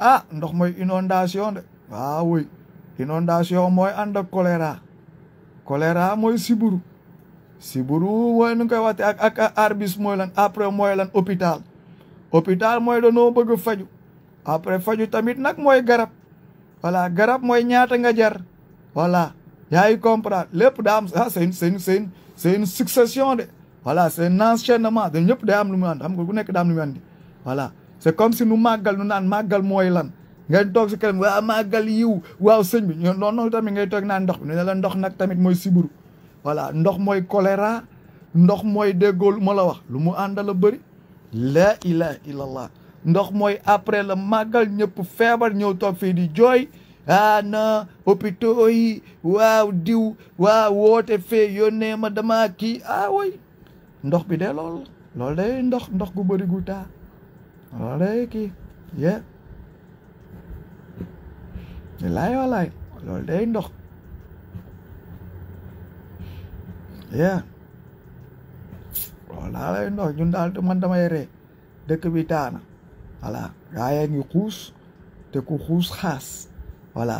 ah ndox mooy inondation de waaw mo ay anda kolera, kolera mo ay siburu siburu mooy nu koy waxte ak ak arbis mooy lan apre mooy lan hôpital hôpital mooy danoo bëgg a faju après faju tamit nag wala garab voilà wala garap. wala nga jar voilà wala ngi Wala, lépp daa am ah c'est sen, sen, une succession de wala sen un nama, de ñëpp day am lu mu ànd xam wala Wala, wala. c'est comme si nu màggal nu naan màggal mooy lan ngay toog sa kalam waa màggal yiw waaw sëñ bi ñoo noonu tamit ngay toog naan ndox bi ne la ndox nag tamit mooy siburu voilà ndox mooy choléra ndox mooy degol ma la wax lu mu àndal a bëri la ilaha illallah ndox mooy après la màggal ñëpp feebar ñëw toog fii di jooy ah na hôpitaux yi waaw diw waaw woote fee yónnee ma dama kii ah way ndox bi de lool loolu day ndox ndox gu bëri gu taa loolu day kii yeah laay walaay loolu day ndox yaa loolu daa lay ndox ñun daal man damay ree dëkk bi taana voilà gaa yee ngi xuus te ku xuus xaas voilà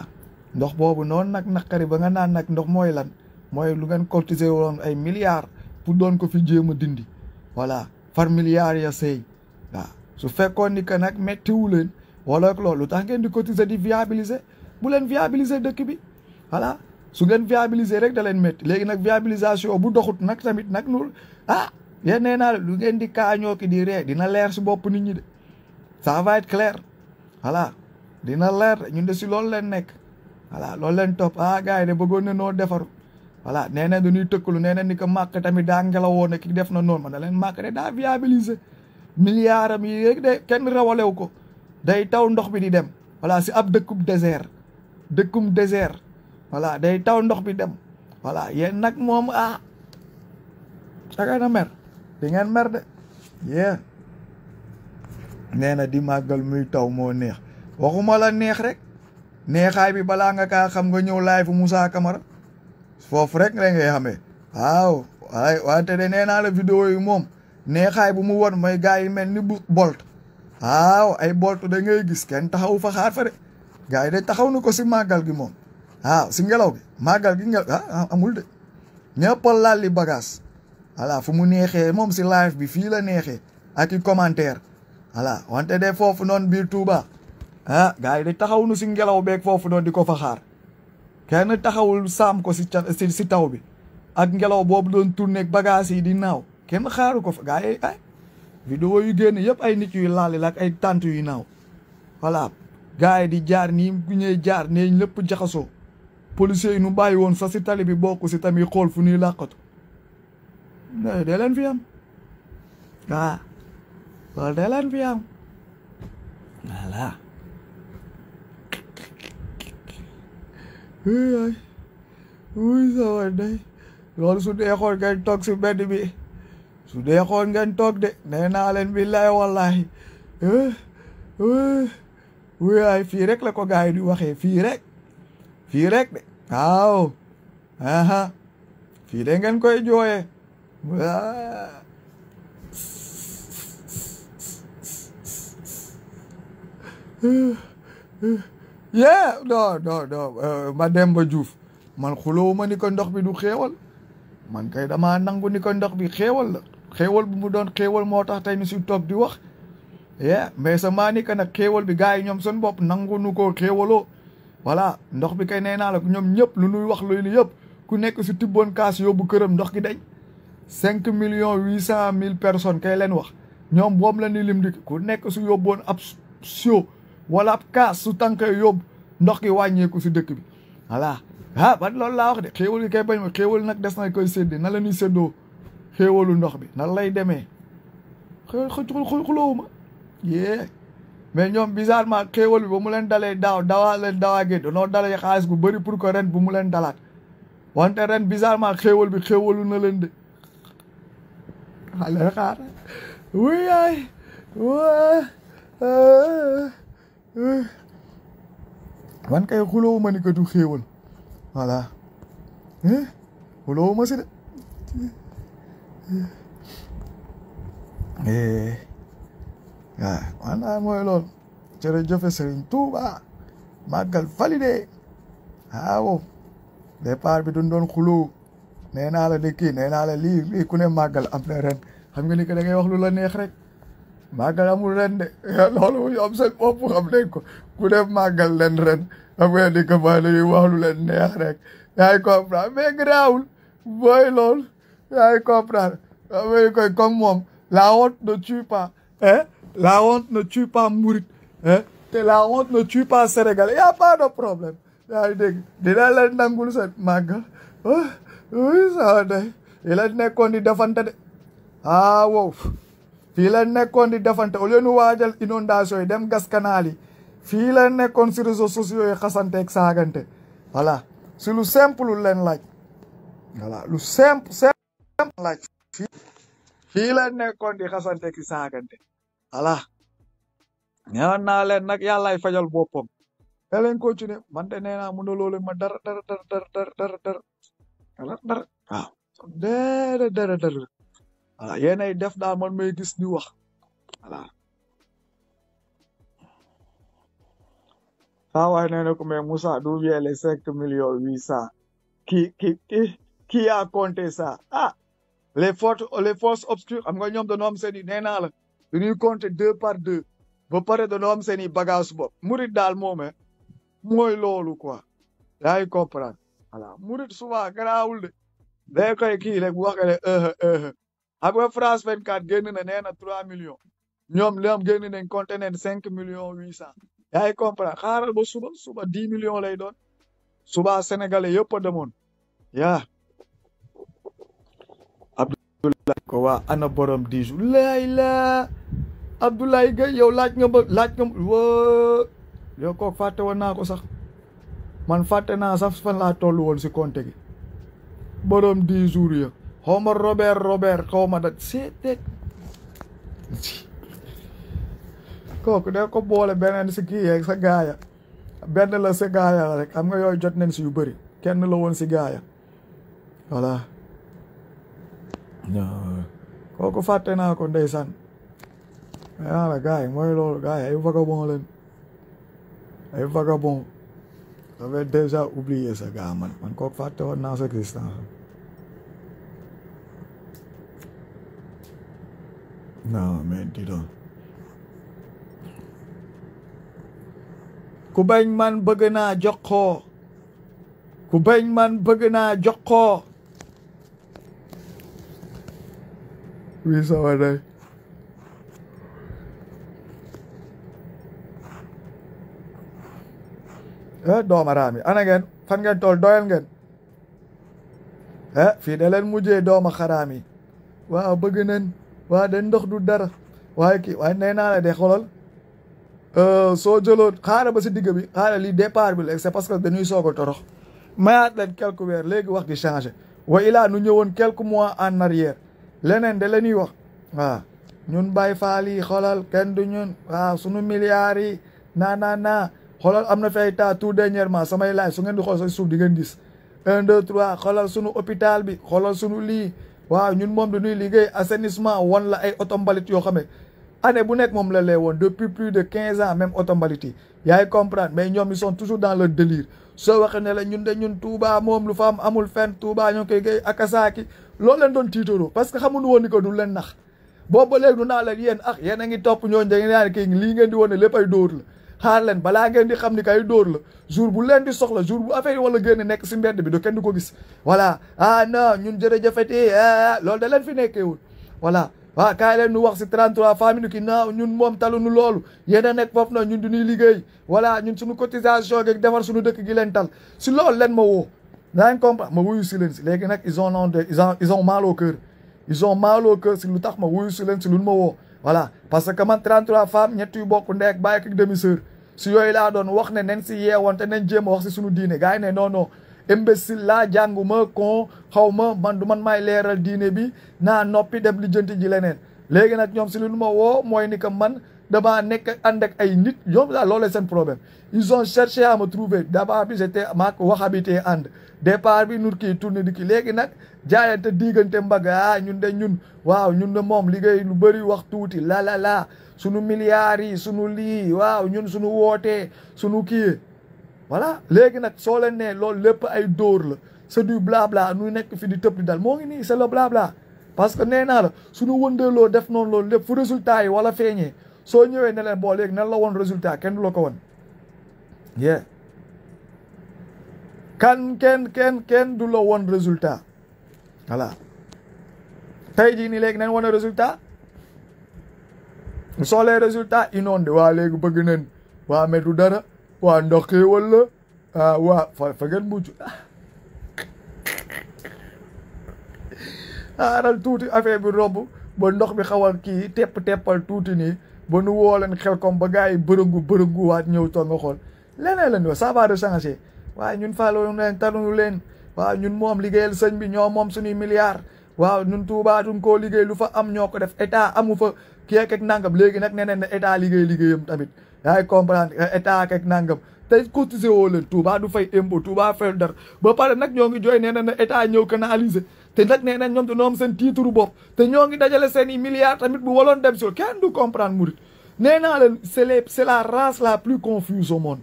ndox boobu noonu nag naqari ba nga naan nag ndox mooy lan mooy lu ngeen cotiser woon ay milliards pour doon ko fi jéem a dindi voilà far milliards ya seey waaw su fekkoon ni que nag méttiwu leen wala loolu lu tax ngeen di cotiser di viabiliser bu leen viabiliser dëkk bi voilà su ngeen viabiliser rek da leen métti léegi nag viabilisation bu doxut nag tamit nag nu ah yéen nee naa lu ngeen di kaañoo ki di ree dina leer si bopp nit ñi de ça va être clair dina leer ñun de si loolu leen nekk voilà loolu leen topp ah gars yi de bëggoon na noo defaru voilà nee na dañuy tëkkalu nee na ni ko màkk tamit daa ngelawoo ne ki def na noonu ma da leen màkk de daa viabiliser milliards am yi rek de ko day taw ndox bi di dem voilà si ab dëkkub désert dëkkum désert voilà day taw ndox bi dem voilà yéen nag moom ah da na mer di ngeen mer de yéen nee na di màggal muy taw moo neex waxuma la neex rek neexaay bi balaa nga kaa xam nga ñëw laay fu musa Camara foofu rek la ngay xamee waaw waaye waaye de nee naa la vidéo yi moom neexaay bu mu won mooy gars yi mel ni bu bolt waaw ay bolt da ngay gis kenn taxaw fa xaar fa de gaa yi de taxaw nu ko si màggal gi moom waaw ah, si ngelaw gi màggal gi ngelaw ah, ah, amul de ñëpp laal li bagage fu mu neexee moom si live bi fii la neexee ak i commentaire voilà wante de foofu noon biir Touba ah gaa yi de taxaw nu si ngelaw beeg foofu noonu di ko fa xaar kenn taxawul saam ko si si taw bi ak ngelaw boobu doon tourné bagage yi di naaw kenn xaaru ko fa gaa yi ay yu génn yëpp ay nit yu laal la ay tànt yu naaw voilà gaay di jaar ni gu ñuy jaar neñ lepp jaxaso police yi nu bayyi won sa ci tali bi bokku ci tammi xol fu ñuy laqatu de lan fi am ah lol de lan fi am wala ay uy sa lol su de xol kay tok ci bedd bi su de xol ngeen tok de neena len billahi wallahi eh eh waaye fi rek la ko gaay di waxe fi rek fi rek de aw aha fi de ngeen koy jooyee yeah no euh, ma dem ba man xuloo ma ni ko ndox bi du xewal man kay dama nangou ni ko ndox bi xewal la xewal bu mu don xewal motax tay ni di wax yeah mais sa maa ni que nag xéewal bi gars yi ñoom seen bopp nangu nu koo xéewaloo voilà ndox bi kay nee naa la ñoom ñëpp lu nuy wax loolu yëpp ku nekk si tibboon kaas yóbbu këram ndox gi day cinq millions huit cent mille personnes kay leen wax ñoom boom la ni lim di ku nekk su yóbboon ab sio wala ab kaas su tànkee yóbbu ndox gi wàññeeku si dëkk bi voilà ah ban loolu laa wax de xéewal gi kay bañ ma xéewal nag des na koy séddee na la ñuy séddoo xéewalu ndox bi nan lay demee yee mais ñoom bizarrement xéewal bi ba mu leen dalee daaw dawaa leen dawaa gee danoo dalee xaalis bu bari pour ko ren bu mu leen dalaat wante ren bizarrement xéewal bi xéewalu na leen de xale xaar wuyaay man kay xulóowu ma ni ko du xéewal voilà eh? xulóowu ma si de eh. waaw maanaam mooy loolu jërëjëf Sëriñ Tuuba màggal validé waaw départ bi duñ doon xuloo nee naa la di kii nee naa la lii lii ku ne màggal am na ren xam nga ni que da ngay wax lu la neex rek màggal amul ren de loolu am seen bopp xam nañ ko ku ne màggal leen ren xam nga ni que mooy dañuy wax lu leen neex rek yaay comprendre mais garaawul booy loolu yaay comprendre xam nga ni que comme moom la honte ne tue pas hein La honte ne tue pas Mourit. Hein? La honte ne tue pas Sénégalais. problème n'y a pas de problème. dina leen nangul seen màggal sa day fii nekkoon di defante de ah wow fii leen nekkoon di defante au lieu nu waajal inondation yi dem gas kanaal yi fii nekkoon si réseaux sociaux yi xasante ak saagante voilà si lu simple leen laaj voilà lu nekkoon di xasante ak saagante ala ya na wanna nak yalla ay fajal len ko ci ne man de neena mu dar dar ma dar, dar dar, dar dar dar dar, dar dar waaw de de de ala yéenay def da man may gis ni wax ala saa waay neena ko me musa du yele 5 millions ki ki ki a compté ça ah les forces les forces obscures am nga ñom de nom seen ni neena la dañuy compter deux par deux ba pare dañoo am seen i bagage bopp murit daal moome mooy loolu quoi yaa ngi comprendre voilà murit souvent koy kii rek bu waxee ne euh ak wa France 24 génn na nee na trois millions ñoom li am génn nañ compter nañ cinq millions huit cent yaa ngi comprendre xaaral ba suba suba dix millions lay doon suba sénégalais yëpp a demoon abdullah ko wa ana borom di jou layla abdullah ga yow laaj nga ba laaj nga wo yo ko fàtte woon ko sax man fàtte na sax fan la tollu won si compte gi borom di jours ya Robert Robert ko ma da ko ko da ko boole benen ci gi ak sa gaaya benn la sa gaaya rek am nga yoy jot nañ si yu bëri kenn la won si gaaya voilà có phát nào còn đầy sẵn đó là cái ảnh mới luôn cái ấy vagabond lên ấy vagabond ta về đây ra ubli esa cả mình mình có phát cho nào sẽ kristan nào mình đi đâu kubeng man bagana joko kubeng man bagana joko bisa mana eh do marami ana gen fan ngeen tol doyal gen eh fi da leen mujjee dooma xaraam yi waaw bëgg nañ waa nena ndox du dara waaye ki waaye neena la de euh so jelo xara ba ci digg bi xara li départ bi lek c'est parce que dañuy soog torox mayaat len quelques weer léegi wax gi changer wa ila nu ñewon quelques mois en arrière lenen de la wax wa ñun bay du sunu milliards na na na des amna na tout dernièrement samay lay su ngeen di xol sa suuf di sunu hôpital bi xolal sunu li wa ñun du liggéey assainissement won la ay oto yo yoo ane bu depuis plus de 15 ans même Ya yaay comprendre mais ñom ils sont toujours dans le délire so waxé ne la ñun de ñun Touba mom lu fa amul fen Touba loolu leen doon tiitaroo parce que xamuñu woon ni ko du leen nax boobu ba léegi du naa leen yéen ah yéen a ngi topp ñooñu da ngeen naan kii lii ngeen di wane lépp ay la xaar leen balaa ngeen di xam ni kay dóor la jour bu leen di soxla jour bu affaire yi wala génne nekk si mbedd bi do kenn du ko gis voilà ah non ñun jërëjëfati eh, eh, loolu da leen fi nekkee nekkeewul voilà waaw kaay leen nu wax si 33 famille ki na ñun moom taluñu loolu yéen a nekk foofu na ñun du ñuy liggéey voilà ñun suñu cotisation gi defar suñu dëkk gi leen tal si loolu leen ma naa ngi comprendre ma wuyu si leen si léegi nag ils ont ils ont ils ont mal au cœur ils si lu tax ma wuyu si si lu ma woo voilà parce que man 33 femmes ñett yu bokk ndey ak baay ak demi sœur si yooyu laa doon wax ne nañ si yeewoon te nañ jéem wax si suñu diine gars yi ne noonoo non si laa jàngu ma kon xaw ma man du man maay leeral diine bi naa noppi dem lijjanti ji leneen léegi nag ñoom si lu ma woo mooy ni que man. damaa nekk ànd ak ay nit ñoom daal loolu seen problème ils ont cherché à a trouver d'abord bi j'étais maak waxabitee ànd départ bi nur kii tourné di ki léegi nag jaayante diggante mbaga ah ñun de ñun waaw ñun de moom liggéey lu bari wax tuuti la la la sunu milliards yi sunu lii waaw ñun sunu wootee sunu kii voilà léegi nag soo leen nee loolu lépp ay dóor la c'est du blabla nu nekk fi di tëb dal moo ngi nii c'est le blabla parce que nee naa la sunu wëndeeloo def noonu loolu lépp fu yi wala feeñee so ñëwé né leen bo lég nan la won résultat kenn du ko won yeah kan kenn kenn kenn du la won résultat voilà tay jii ni lég nañ won résultat lé résultat inondé wa lég bëgg nañ wa metu dara wa ndox wala la ah waa fa fa ngeen mujj aral ah, tuti affaire bi robbu bo ndox bi xawal ki tep tepal tuti ni ba nu woo leen xel comme ba gars yi bërëngu bërëngu waat ñëw toog nga xool leneen la ñu wax ça va de changer waaye ñun faaloonu leen tanuñu leen waaw ñun mom liggéeyal sëñ bi ñoo moom suñuy milliards waaw ñun Touba duñ koo liggéey lu fa am ñoo ko def état amu fa kii ak nangam léegi nag nee ne état liggéey liggéeyam tamit yaay comprendre état ak nangam tey cotisé woo leen Touba du fay impôt Touba fayul dara ba pare nag ñoo ngi jooy nee na état ñëw canaliser te nag nee nañ ñoom dañoo am seen titre bopp te ñoo ngi dajale seen i milliards tamit bu waloon dem si kenn du comprendre murit nee naa leen c'est les c'est la race la plus confuse au monde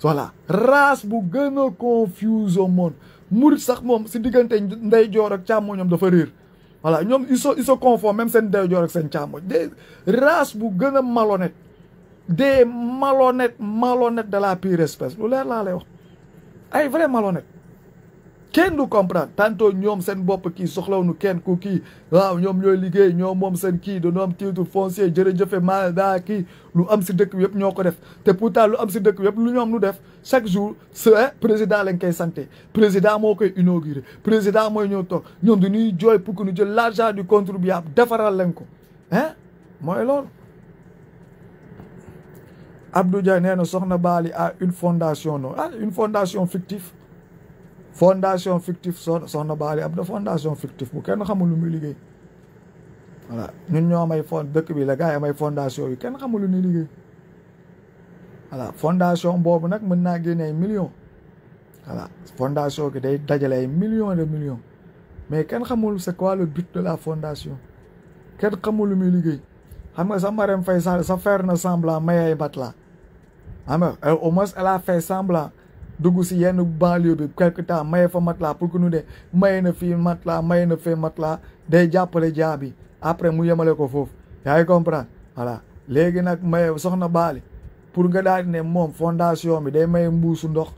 voilà bu gën a confuse au monde murit sax moom si diggante ndeyjoor ak càmmoñ ñoom dafa réer voilà ñoom ils se ils se même seen ndeyjoor ak seen càmmoñ des race bu gën a malhonnête des malhonnêtes malhonnêtes de la pire espèce lu leer laa lay wax ay vrai malhonnête Qui nous comprendre tantôt ñoom seen bopp qui nous kenn ku nous waaw ñoom ñooy liggéey seen De am titre foncier lu am si dëkk bi def te pourtant lu am si dëkk lu chaque jour ce président lañ President santé président President koy inauguré président nous de pour que nous jël l'argent du contribuable defaral ça. Hein? Abdou Djanen a une fondation ah, une fondation fictive fondation fictif Soxna Baali Abdou fondation fictif bu kenn xamul lu muy liggéey voilà ñun ñoo may fond dëkk bi la gaa yi amay fondation yi kenn xamul lu ñuy liggéey voilà fondation boobu nag mën naa génne ay millions voilà fondation bi day dajale ay millions de million mais kenn xamul c'est quoi le but de la fondation kenn xamul lu muy liggéey xam nga sa Marème Faye sa faire na semblant may ay matelas xam au moins elle a fait dugg si yenn banlieue bi quelque temps maye fa matelas pour que ñu ne maye na fii matelas maye na fee matelas day jàppale jaa bi après mu yemale ko foofu yaa ngi comprendre voilà léegi nag maye soxna baali pour nga daal ne moom fondation bi day maye mbuusu ndox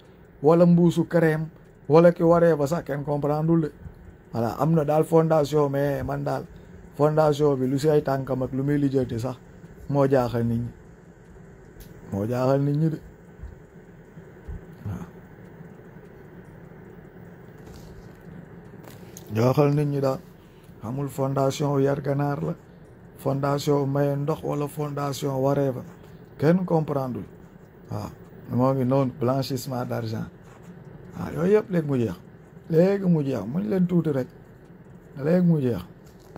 wala mbuusu crème wala ki waree ba sax kenn comprendre lul de voilà am na daal fondation mais man daal fondation bi lu si ay tànkam ak lu muy lijjanti sax moo jaaxal nit ñi moo jaaxal nit ñi de waxal nit ñi daal xamul fondation yar ganaar la fondation maye ndox wala fondation waree kenn comprendre waaw moo ngi noonu blanchissement d'argent waaw yooyu yëpp léegi mu jeex léegi mu jeex muñ leen tuuti rek léegi mu jeex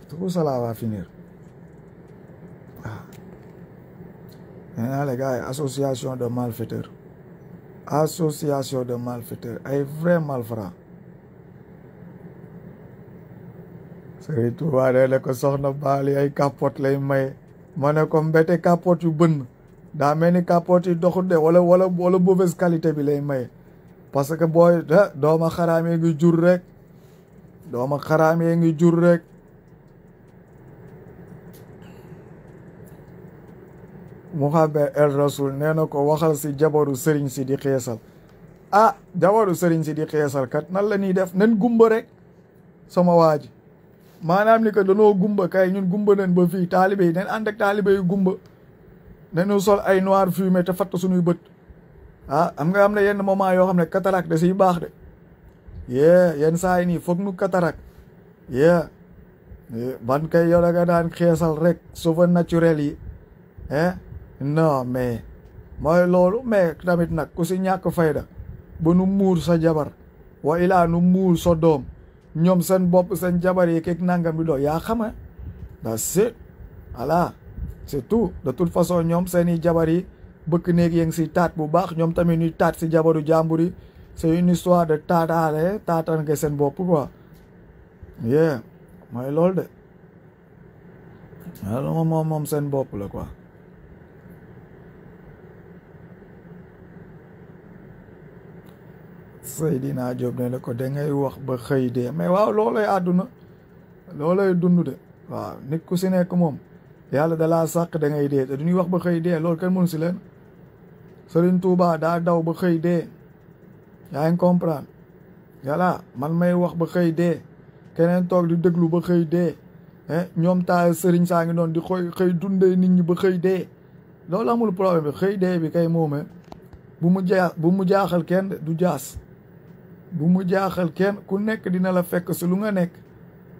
tout cela va finir waaw nee naa les gars association de malfaiteurs association de malfaiteurs ay vrai malfrats Sëriñ Tuubaa nee na ko soxna baali ay kàppoot lay may ma ne ko mbete kàppoot yu bën daa mel ni kàppoot yi doxut de wala wala wala mauvaise qualité bi lay may parce que booy dooma xaraam yi ngi jur rek dooma xaraam yi ngi jur rek Muhammad el Rasul nee na ko waxal si jabaru sëriñ si di xeesal ah jabaru sëriñ si di xeesal kat nan la ñuy def nen gumba rek sama waaji maanaam ni que gumba kay ñun gumba nañ ba fi taalibe yi nañ ànd ak yu gumba nañu sol ay noir fumé ta fat suñu bëtt ah am nga am na yenn moment yo xam cataract da ci bax de yee yenn saa ni nii nu yee ban kay yo la ga daan xéssal rek souvent naturel yi eh non mais moy lolu mais tamit nak ku ci ñak fayda bu nu mur sa jabar wa ila nu sodom. sa dom ñom sen bop sen jabar yi kek nangam bi do ya xama eh? that's it ala c'est tout de toute façon ñoom seeni jabar yi bëkk neeg yeng si taat bu baax ñom tamit ñuy taat si jabaru jamburi seini c'est une histoire de taataale taataan ke seen bop quoi yeah my lord, de mom mom moom seen la quoi Seydina Diop ne la ko da ngay wax ba xëy dee mais waaw loolay àdduna loolay dund de waaw nit ku si nekk moom yàlla da laa sàq da ngay dee te du ñuy wax ba xëy dee loolu kenn mënu si leen sëriñ Touba daa daw ba xëy dee yaa ngi comprendre yàlla man may wax ba xëy dee keneen toog di déglu ba xëy dee eh, ñoom taa Serigne saa ngi doon di xëy xëy dundee nit ñi ba xëy dee loolu amul problème bi xëy dee bi kay moome eh. bu mu jaa bu mu jaaxal kenn du jaas bu mu jaaxal kenn ku nekk dina la fekk su lu nga nekk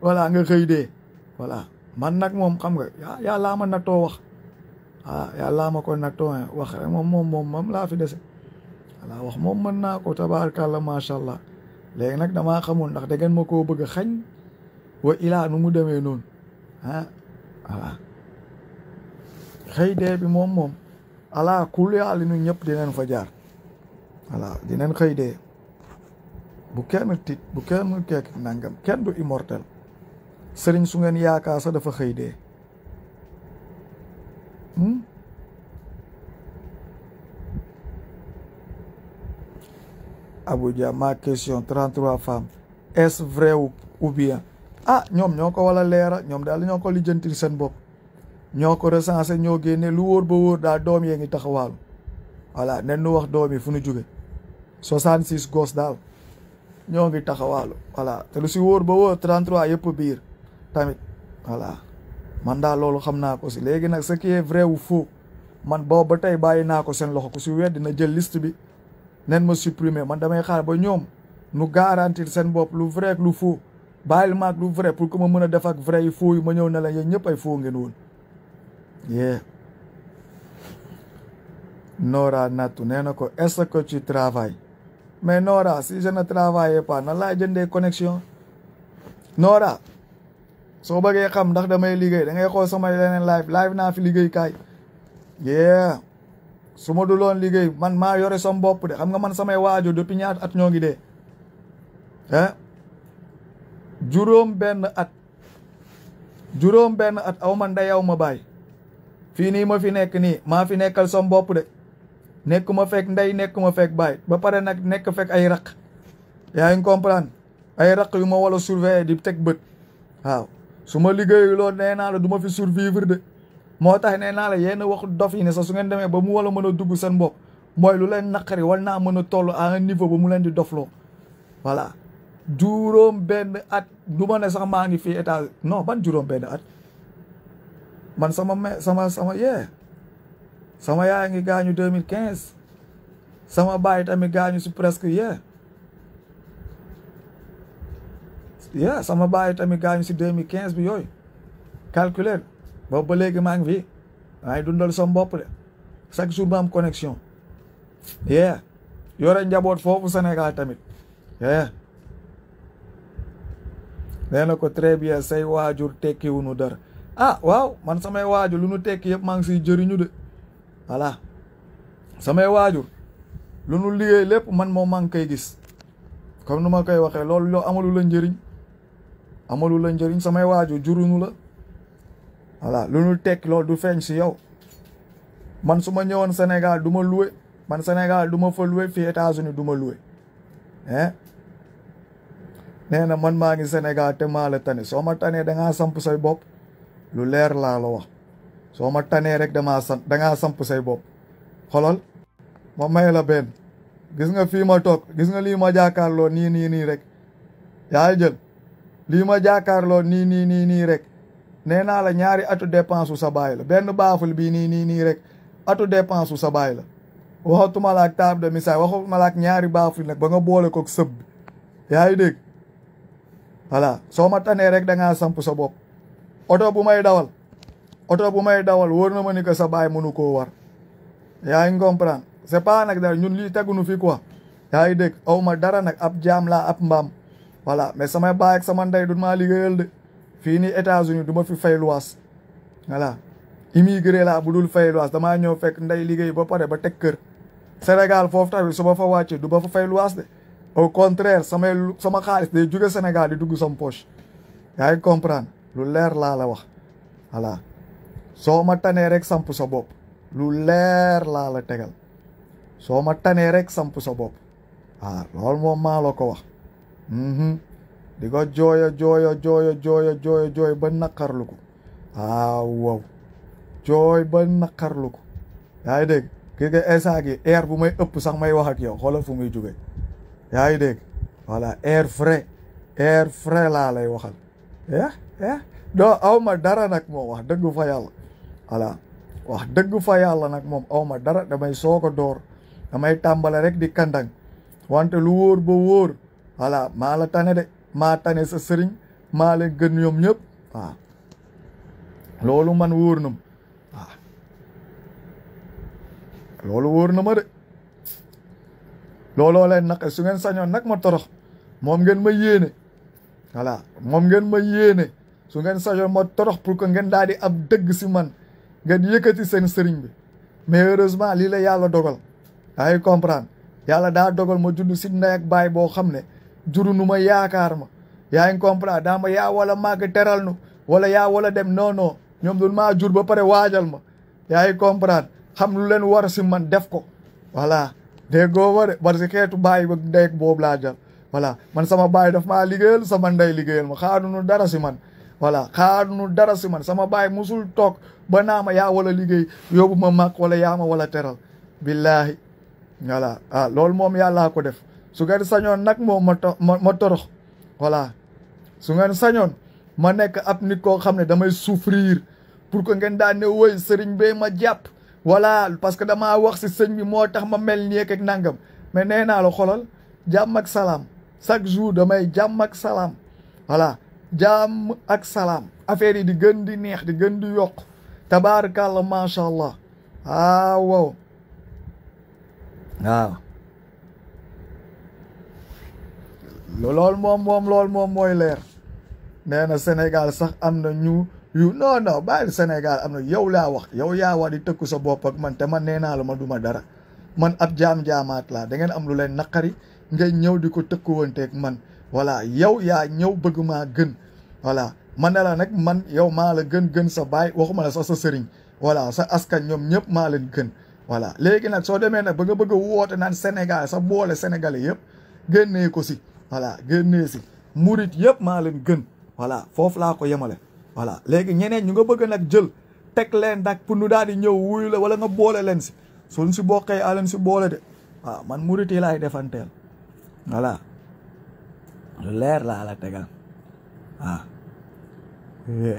wala nga xëy dee wala man nak mom xam nga ma wax ah yàllaa ma ko nattoo wax mom mom mom mom la laa fi dese voilà wax mom man naa ko tabaarkàlla macha allah léegi nak damaa xamul ndax da mako ma koo bëgg a wa ila nu mu demee non ah voilà xëy bi mom mom, ala kulli nu ñëpp dinañ fa jaar voilà dinañ xëy dee bu kenn tit bu kenn kek nangam kenn du immortel serigne su ngeen yaaka sa dafa xey xëy dee hmm? Abuja ma question 33 femmes est vrai ou bien ah ñom ñoko wala lera ñom dal ñoko ko lijjantil seen bopp ñoo ko recensé ñoo lu wor ba wor da dom yeengi taxawal wala voilà wax domi fu nu jóge 66 gosse dal ñoo ngi taxawaalu voilà te lu si wóor ba wóor 33 yëpp biir tamit voilà man daal loolu xam naa ko si léegi nag ce qui est vrai ou faux man boobu ba tey bàyyi naa ko seen loxo ku si weddi na jël list bi nen ma supprimer man damay xaar ba ñoom nu garantir seen bopp lu vrai ak lu faux bàyyil maag lu vrai pour que a mën a def ak vrai yi faux yi ma ñëw ne la yéen ñëpp ay foo ngeen woon yee Nora Natou nee na ko est-ce que tu mais Nora si je ne travaille pas nan laay jëndee connexion Nora soo bëggee xam ndax damay liggéey da ngay xool sama leneen live live naa fi liggéey kaay yeah su ma du loon liggéey man maa yore som bopp de xam nga man samay waajur depuis ñaat at ñoo ngi dee ah juróom benn at juróom benn at aw man ma ndeyaw ma baay fii nii ma fi nekk nii maa fi nekkal som bopp de nekuma fek nday nekuma nek bay ba pare nak nek fek ay rak ya ngi comprendre ay rak yu ma wala surveiller di tek beut waaw suma ma lo loolu la duma fi survivre de motax tax la yenn wax dof yi ne sax su ngeen demee ba mu wala mën dugg sen bop moy lu leen wala war naa tollu a à un niveau ba mu leen di doflo voilà ben at duma sax ma ngi fi état non ban ben at man sama sama sama yeah sama yaay ngi gaañu deux mille quinze sama baay tamit gaañu si presque yee yee sama baay tamit gaañu si deux mille quinze bi yooyu calculer boobu ba léegi maa ngi fi maa ngi dundal sama bopp de chaque jour ma connexion yee yore njaboot foofu Sénégal tamit yee nee na ko très bien say waajur tekkiwunu dar ah waaw man samay waajur lu nu tekki yëpp maa ngi siy jëriñu de voilà samay waajur lu nu liggéey lépp man moom maa ngi koy gis comme nu ma koy waxee loolu yow amalu la njëriñ amalu la njëriñ samay waajur jurunu la voilà lu nu tekk loolu du feeñ si yow man su ma ñëwoon Sénégal du ma loué man Sénégal du ma fa loué fii États-Unis du ma loué eh nee na man maa ngi Sénégal te maa la tane soo ma tanee danga samp say bopp lu leer laa la wax so ma rek sam da nga samp say bop xolal mo may la benn gis nga fi ma tok gis nga li ma jakarlo ni ni ni rek yaay jël li ma jakarlo ni ni ni ni rek neena la ñaari atu dépenses sa bay la bini nini nirek ni ni ni rek atu dépenses sa bay la waxatuma la ak table de message waxatuma la ak ñaari baful nak ba nga boole ko sëb yaa ngi dégg voilà ma rek nga samp sa bop auto bu may dawal oto bu may dawal wóor na ma ni que sa baay mënu koo war yaa ngi comprendre c'est pas nag dara ñun lii tegunu fi quoi yaa ngi dégg aw ma dara nag ab jaam laa ab mbaam voilà mais sama baay sama ndey du maa liggéeyal de fii nii États-Unis du ma fi fay luwaas voilà immigré laa bu dul fay luwaas damaa ñëw fekk ndey liggéey ba pare ba teg kër Sénégal foofu tamit su ba fa wàccee du ma fa fay luwaas de au contraire sama xaalis day juge Sénégal di dugg sama poche yaa lu leer laa la wax voilà Somata nerek sampu sobob. Luler lala tegal. Somata nerek sampu sobob. Arol mo malo kowa. Mhm. Digo joyo joyo joyo joyo joyo joyo ben nakar luku. wow, Joy ben nakar luku. Yai dek. Kike esa ki. Air bumi upu sang mai wahak yo. Kolo fumi juga. Yai dek. Wala air fre. Air fre lala yai Ya, ya. Do aw madara dara nak mo wah. fayal ala wax deug fa yalla nak mom awma oh, dara damay soko dor damay tambal rek di kandang wante lu wor bo wor ala mala tane de ma tane sa male gën ñom ñep wa ah, lolu man wornum wa ah, lolu wornuma lolo nak de lolu nak nak su ngeen sañon nak ma torox mom ngeen ma yene voilà mom ngeen ma yene su ngeen sañon ma torox pour ko ngeen ab deug ci man ngeen yëkkati seen sëriñ bi mais heureusement lii la yàlla dogal yaa ngi yàlla daa dogal ma judd si ndey baay boo xam ne juru nu ma yaakaar ma yaa ngi comprendre daa ma yaa wala màgg teral nu wala yaa wala dem non non ñoom doon maa jur ba pare waajal ma yaa ngi comprendre xam lu leen war si man def ko voilà déggoo ma de parce que xeetu baay ba boobu laa jël voilà man sama baay daf maa liggéeyal sama ndey liggéeyal ma xaaruñu dara si man voilà xaaruñu dara si man sama baay musul toog ba naa ya ya ma wala liggéey yobu ma mak wala yama wala teral billahi ngala ah lol mom yalla ko def su ngeen sañon nak moom ma ma ma torox voilà su ngeen sañon ma nek ap nit ko xamne damay souffrir pour que ngeen da ne woy serigne be ma japp wala parce que dama wax si serigne bi motax ma mel ak nangam mais neena la xolal jam ak salam chaque jour damay jam ak salam wala jam ak salam affaire yi di gën di neex di gën di yokk Tabarakallah, Masya Allah. Ah, wow. Ah. Lolol moom moom lol moom moy leer nee na sax amna ñu yu no no ba Senegal amna yow la wax yow ya wa di tekk sa bop ak man te man nee la ma duma dara man ab jam jamat la da ngeen am lu leen naqari ngay diko tekk wonte ak man voilà yow ya ñew bëgguma gën voilà ma ne la nag man yow maa la gën gën sa baay waxuma sa sa sëriñ voilà sa askan ñoom ñëpp maa leen gën voilà léegi nag soo demee nag ba nga bëgg woote naan Sénégal sa boole sénégalais yëpp génnee ko si voilà génnee si murit yëpp maa leen gën voilà foofu laa ko yemale voilà léegi ñeneen ñu nga bëgg nag jël teg leen nag pour nu daal di ñëw wuyu la wala nga boole leen si suñ si bokkee a leen si boole de waaw man murit yi laay defanteel voilà leer laa la nee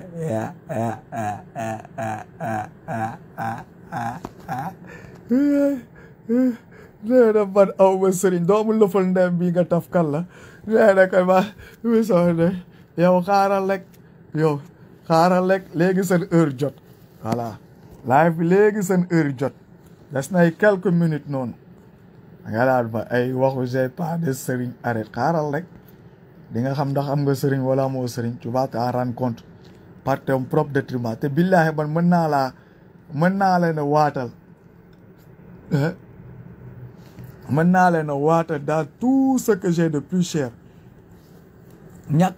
na man aw sëriñ doomu lëfal ndem bi nga taf kan la nee na koy ma mission ne yow xaaral rek yow xaaral rek léegi seen heure jot voilà live bi léegi seen heure jot des nay quelques minutes noonu nga daal ba ay waxu j'ai pas de sëriñ arrête xaaral rek di nga xam ndax am nga sëriñ wala amoo sëriñ tu vas te en partai prop de trima te billahi man menala, menala na watal. Menala na watal eh? da mën naa leen tout ce que j'ai de plus cher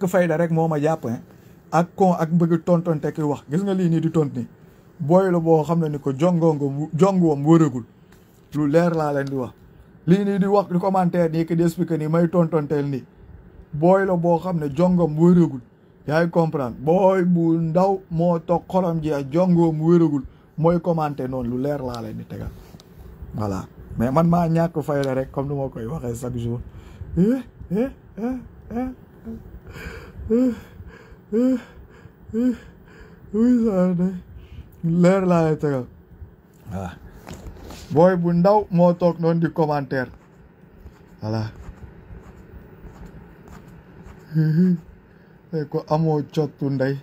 fayda rek moma ma hein. ak kon ak bëgg te ki wax gis nga li ni di tont ni booy la boo xam ne ni ko jongongo jongoom wëragul lu leer la len di wax Li ni di wax di commentaire ni ki di expliquer ni may tonton tel ni. Boy lo bo ne jongom wëragul yaa ngi comprendre booy bu ndaw moo toog xolam ji ak jongoom wéragul mooy commenté noonu lu leer laa leen tegal voilà mais man maa ñàkk fay la rek comme ni ma koy waxee chaque jour leer laa tegal booy bu ndaw moo toog noonu di commentaire voilà ne ko amoo cottu ndey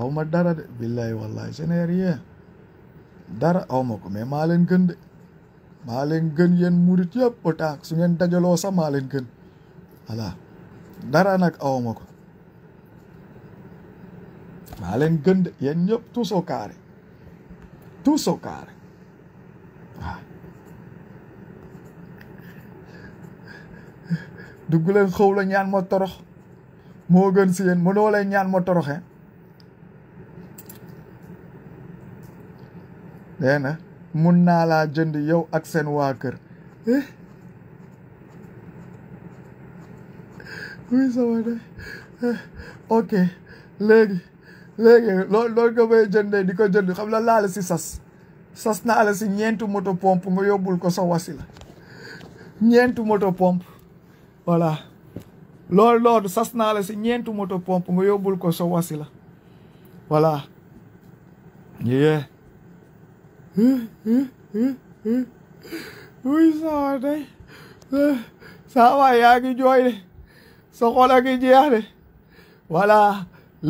aw ma dara de billahi wallahi je n'ai dara awma ko mais maa leen gën de maa leen gën yéen murit yëpp otaak su ngeen dajaloo sax maa leen gën voilà dara nag aw ko maa leen gën de yéen ñëpp tous au carré tous waaw dugg leen xaw la ñaan ma torox mo gën si yéen mënoo lay ñaan mo toroxé na mun na la jënd yow ak seen wa kër eh? oui sama de eh, ok legi legi lo lo ko bay jënde di jënd xam la si sas sas na la si ñentu moto pompe nga yobul ko sa wasila ñentu moto pompe voilà lool loolu sas naa la si ñeentu moto pompe nga yóbbul ko so wasila voilà yee uy saawaay day saawaay yaa ngi jooy de soxol a ngi jeex de voilà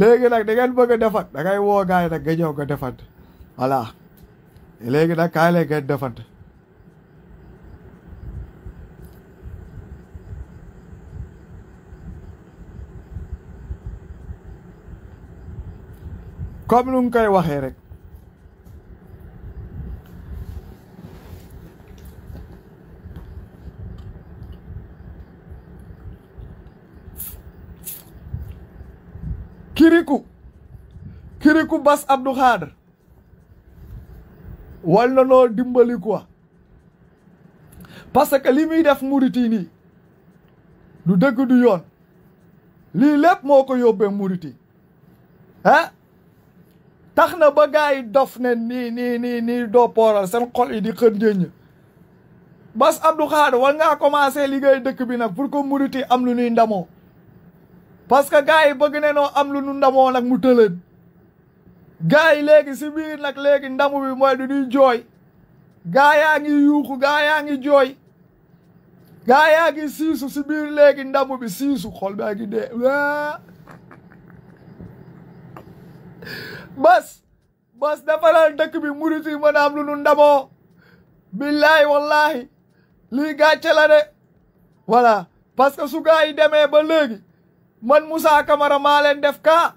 léegi nag da ngeen bëgg a defat woo gaay nag nga ñëw nga defant voilà léegi nag kaay leen ngeen defant comme lu nga koy waxee rek kiriku kiriku bas Abdou Khadre wal na noo dimbali quoi parce que li muy def Mauritanie du dëgg du yoon lii lépp moo ko yóbbee Mauritanie ah tax na ba gars yi dof ne nii nii nii nii doo xol yi di xën njëññ Bass Abdou Khadre war ngaa commencé liggéey dëkk bi nag pour que murit am lu ñuy ndamoo parce que gars yi bëgg ne noo am lu ñu ndamoo nag mu tëleen gars yi léegi si biir nag léegi ndamu bi mooy du ñuy jooy gaa yaa ngi yuuxu gaa yaa ngi jooy gaa yaa ngi siisu si léegi ndamu bi siisu xol baa ngi dee bas bas defalal dëkk bi murit yi mën a am lu nu ndamoo billahi wallahi lii gàcce la de voilà parce que su gaa demee ba léegi man Moussa Camara maa def ka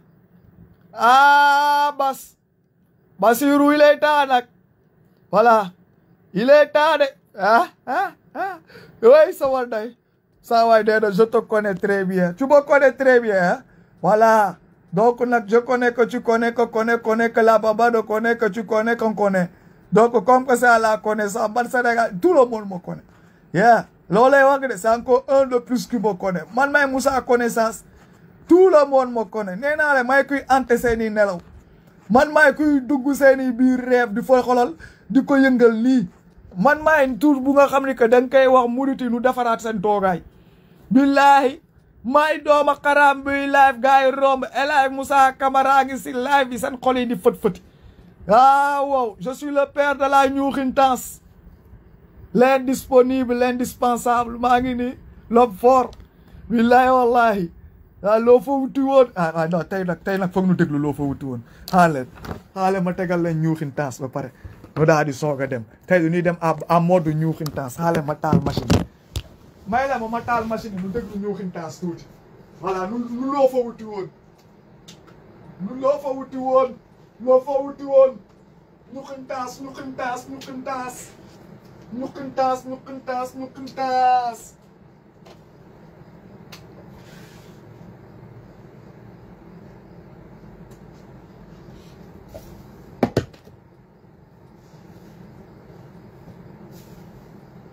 ah bas Basiru il est temps nag voilà il est temps de ah, ah, ah. dee je te connais très bien tu me connais bien voilà doko nak jo kone ko chu kone ko kone kone ka la baba do kone ko chu kone kon kone doko kom ko sa la kone sa bal sa rega tout le monde mo kone yeah lolé wa que c'est encore un de plus qui mo kone man may musa connaissance tout le monde mo kone néna le may kuy anté seni nelaw man may kuy dugg seni bi rêve di fol xolal di ko yëngal li man may tour bu nga xamni ke dang kay wax muriti lu defaraat sen togaay billahi maay dooma xaraam buy live gars yi romb Elhadj Moussa Camara ngi si live bi seen xol yi di fët-fëti waaw ah, wow je suis le père de la ñuuxintans l'indisponible l'indispensable maa ngi ni l'homme fort billahi wallahi waaw ah, loo fa wuti woon ah ah non tey nag tey nag foog nu déglu loo fa woon xaaral xaaral ma tegal leen ñuuxintans ba pare nu daal di soog a dem tey du ñuy dem à à mode ñuuxintans xaaral ma taal machine may la ma ma taal machine yi ñu déglu ñëw xintaas tuuti voilà lu lu loo fa wuti woon lu loo fa wuti woon loo fa wuti woon ñu xintaas ñu xintaas ñu xintaas ñu xintaas ñu xintaas ñu xintaas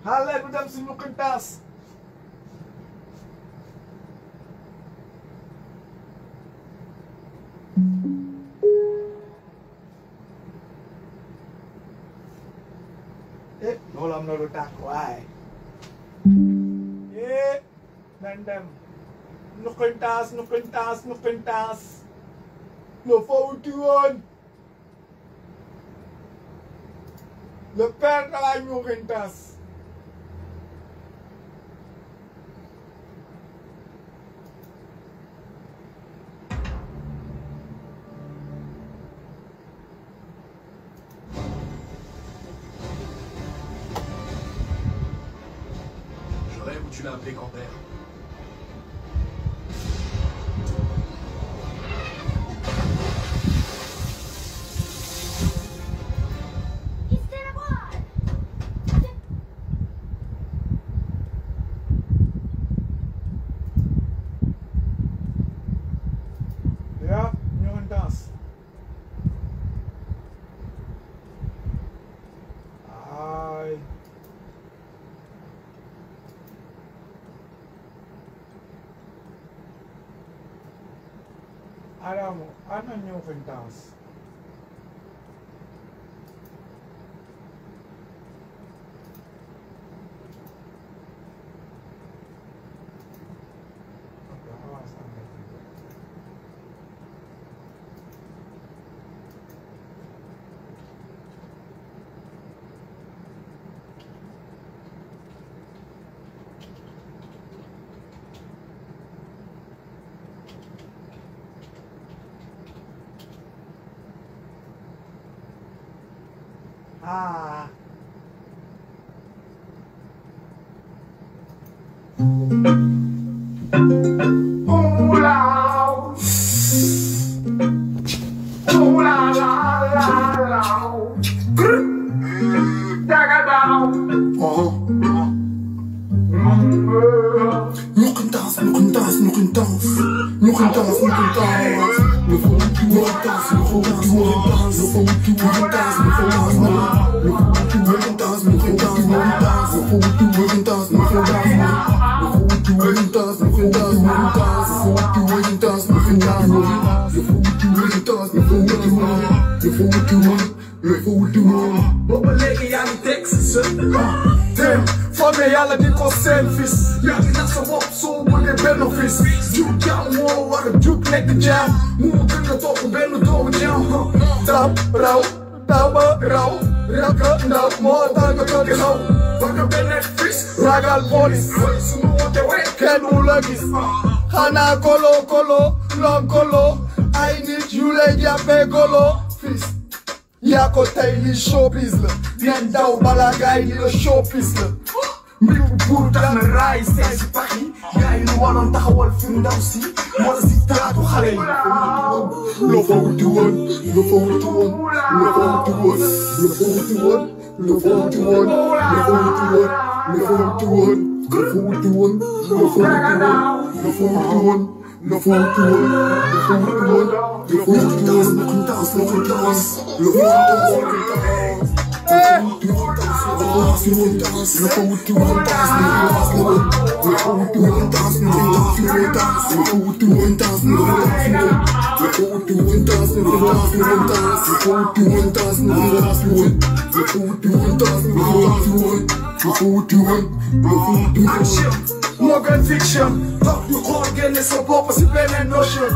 xale bu dem si ñu xintaas loolu eh, am na lu waaye yépp dañ nu koñ nu koñ nu koñ taas le fawuti woon le père de la ñu koñ Ana yung kwintas? they all a bit selfies. Yeah, that's a walk so with the benefits. Duke can't want duke like jam. Move in the top of Beno Dog Jam. Tap, row, tapa, row, raka, now more than a cocky row. But a benefits, ragal police. Kenu luggage. Hana colo colo, long colo. I need you like ya pegolo. Fist. Yako taili showbiz la. Bien daw balagay ni lo showbiz la. buuru tax na raay seesi pax yi yaa yi nu wanoon taxawal fi ndaw si moo si taatu xale yi loo fa wuti woon loo fa wuti woon loo fa wuti woon loo fa wuti woon loo fa wuti woon loo fa wuti woon loo fa wuti woon loo fa wuti woon loo fa wuti woon loo fa wuti woon loo fa wuti woon loo fa wuti woon loo fa wuti woon loo fa wuti woon loo fa wuti woon Before you went, before you went, before you went, Morgan fiction You can't get this on purpose, it's been an notion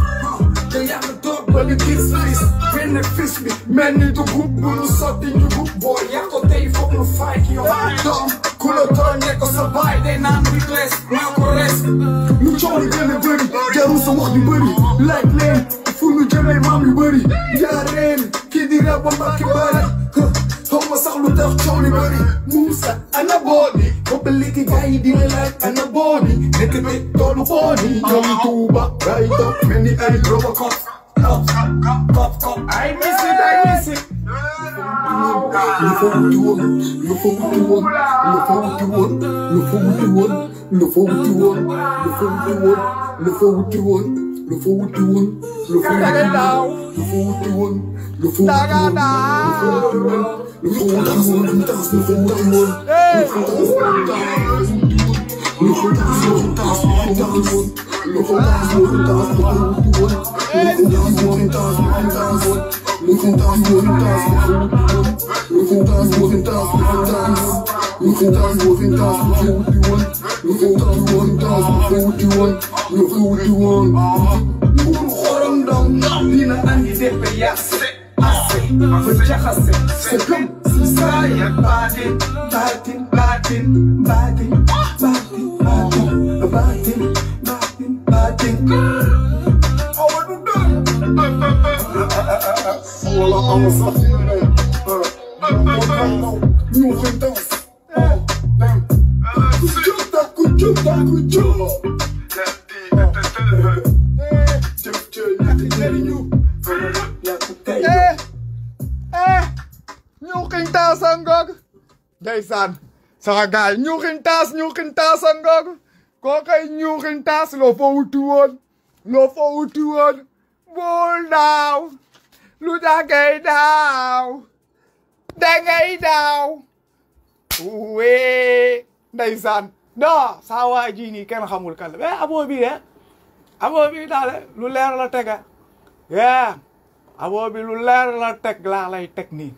They have a dog, but it kiss face Benefits me, man need to but Bunu something you hoop boy Yako for no fight yo Dom, kulo ton yako sabay They non request, now correct Nu çoğunu gene dönü Yarısı vakti bari Like lane, funu gene mami bari Yaren, kedi rabam baki bari xaw ma sax lu tax coow li bëri Moussa ana booni boobu léegi gars yi dina laaj ana booni nekk to toolu booni ñoom Tuuba day topp mel ni ay robocop cop cop cop ay misi ay misi lu fa wuti woon lu fa wuti woon lu fa wuti woon lu fa wuti woon lu fa wuti woon lu fa wuti woon lu fa wuti woon lu fa wuti woon lu fa wuti woon lu fa wuti woon Orang dong, ini c'est comme si ça y a c'est c'est ndeysaan saxa gaay ñuuxin taas ñuuxin taas a ngoog koo koy ñuuxin taas loo foo wuti woon loo foo wuti lu dangay daaw dangay daaw wee lu leer la tega yee eh, aboo lu leer la teg laa lay teg nii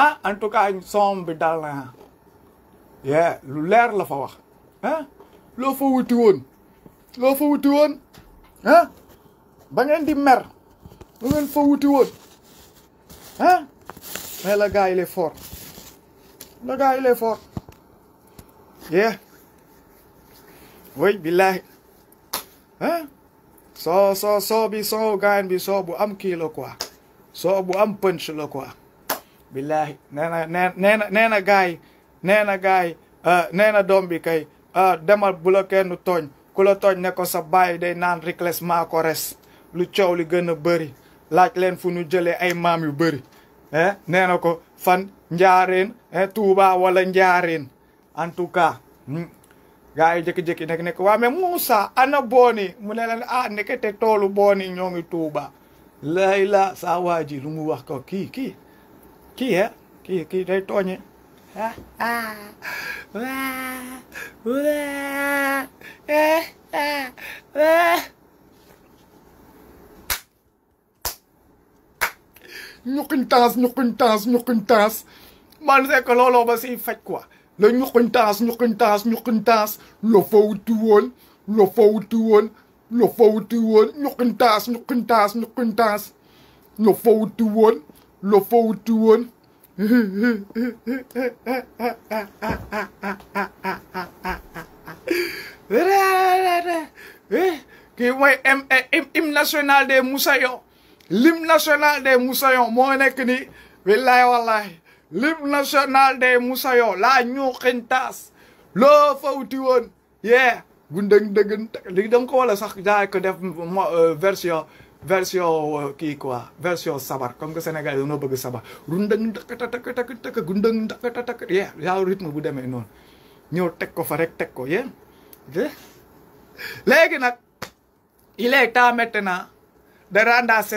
ah en tout cas soom bi dal na yeah lu leer la fa wax ah loo fa wuti woon loo fa wuti woon ah ba ngeen di mer lu ngeen fa wuti woon ah mais le gars il est fort le gars il est fort yeah oui billahi ah so so so bi so gaan bi so bu am kilo la quoi soo bu am punch la quoi billaahi nee na nee na nee na gars yi nee na gars yi euh, nee na doom bi kay euh, demal bu la kenn tooñ tooñ ne ko sa baay day naan réclassement ko res lu coow li gën a bëri laaj leen fu ñu jëlee ay maam yu bëri eh nee na ko fan njaareen wala njaareen en tout cas hmm, gars yi jékki-jékki nekk waa mais Moussa ana booni mu ne leen ah nekkete toolu booni ñoo ngi Touba lay la saa waa ji lu mu wax ko kii kii kii eh kii kii day tooñe ah ah waa waa eh ah ah ñuquñ taas ñuquñ taas ñuquñ taas man c'est que looloo ba siy faj quoi la ñuquñ taas ñuquñ taas ñuquñ taas loo fa wuti woon loo fa wuti woon loo fa wuti woon ñuquñ taas ñuquñ taas ñuquñ taas loo fa wuti woon lofoutuon kii mooy m hymne national des Moussaillons lim national de des Moussaillons moo nekk nii wallaay wallaay lim national de des Moussaillons laa ñu xintaas loo fawti woon yeah, gundeng dëggën li danga ko wala sax jaay ko def version version kii quoi version sabar comme que Sénégal yi dañoo bëgg sabar rundëng ndëkk takk takk takk gundëng ndëkk takk yee yaaw rythme bu demee noonu ñëw teg ko fa rek teg ko yee léegi nag il est temps maintenant de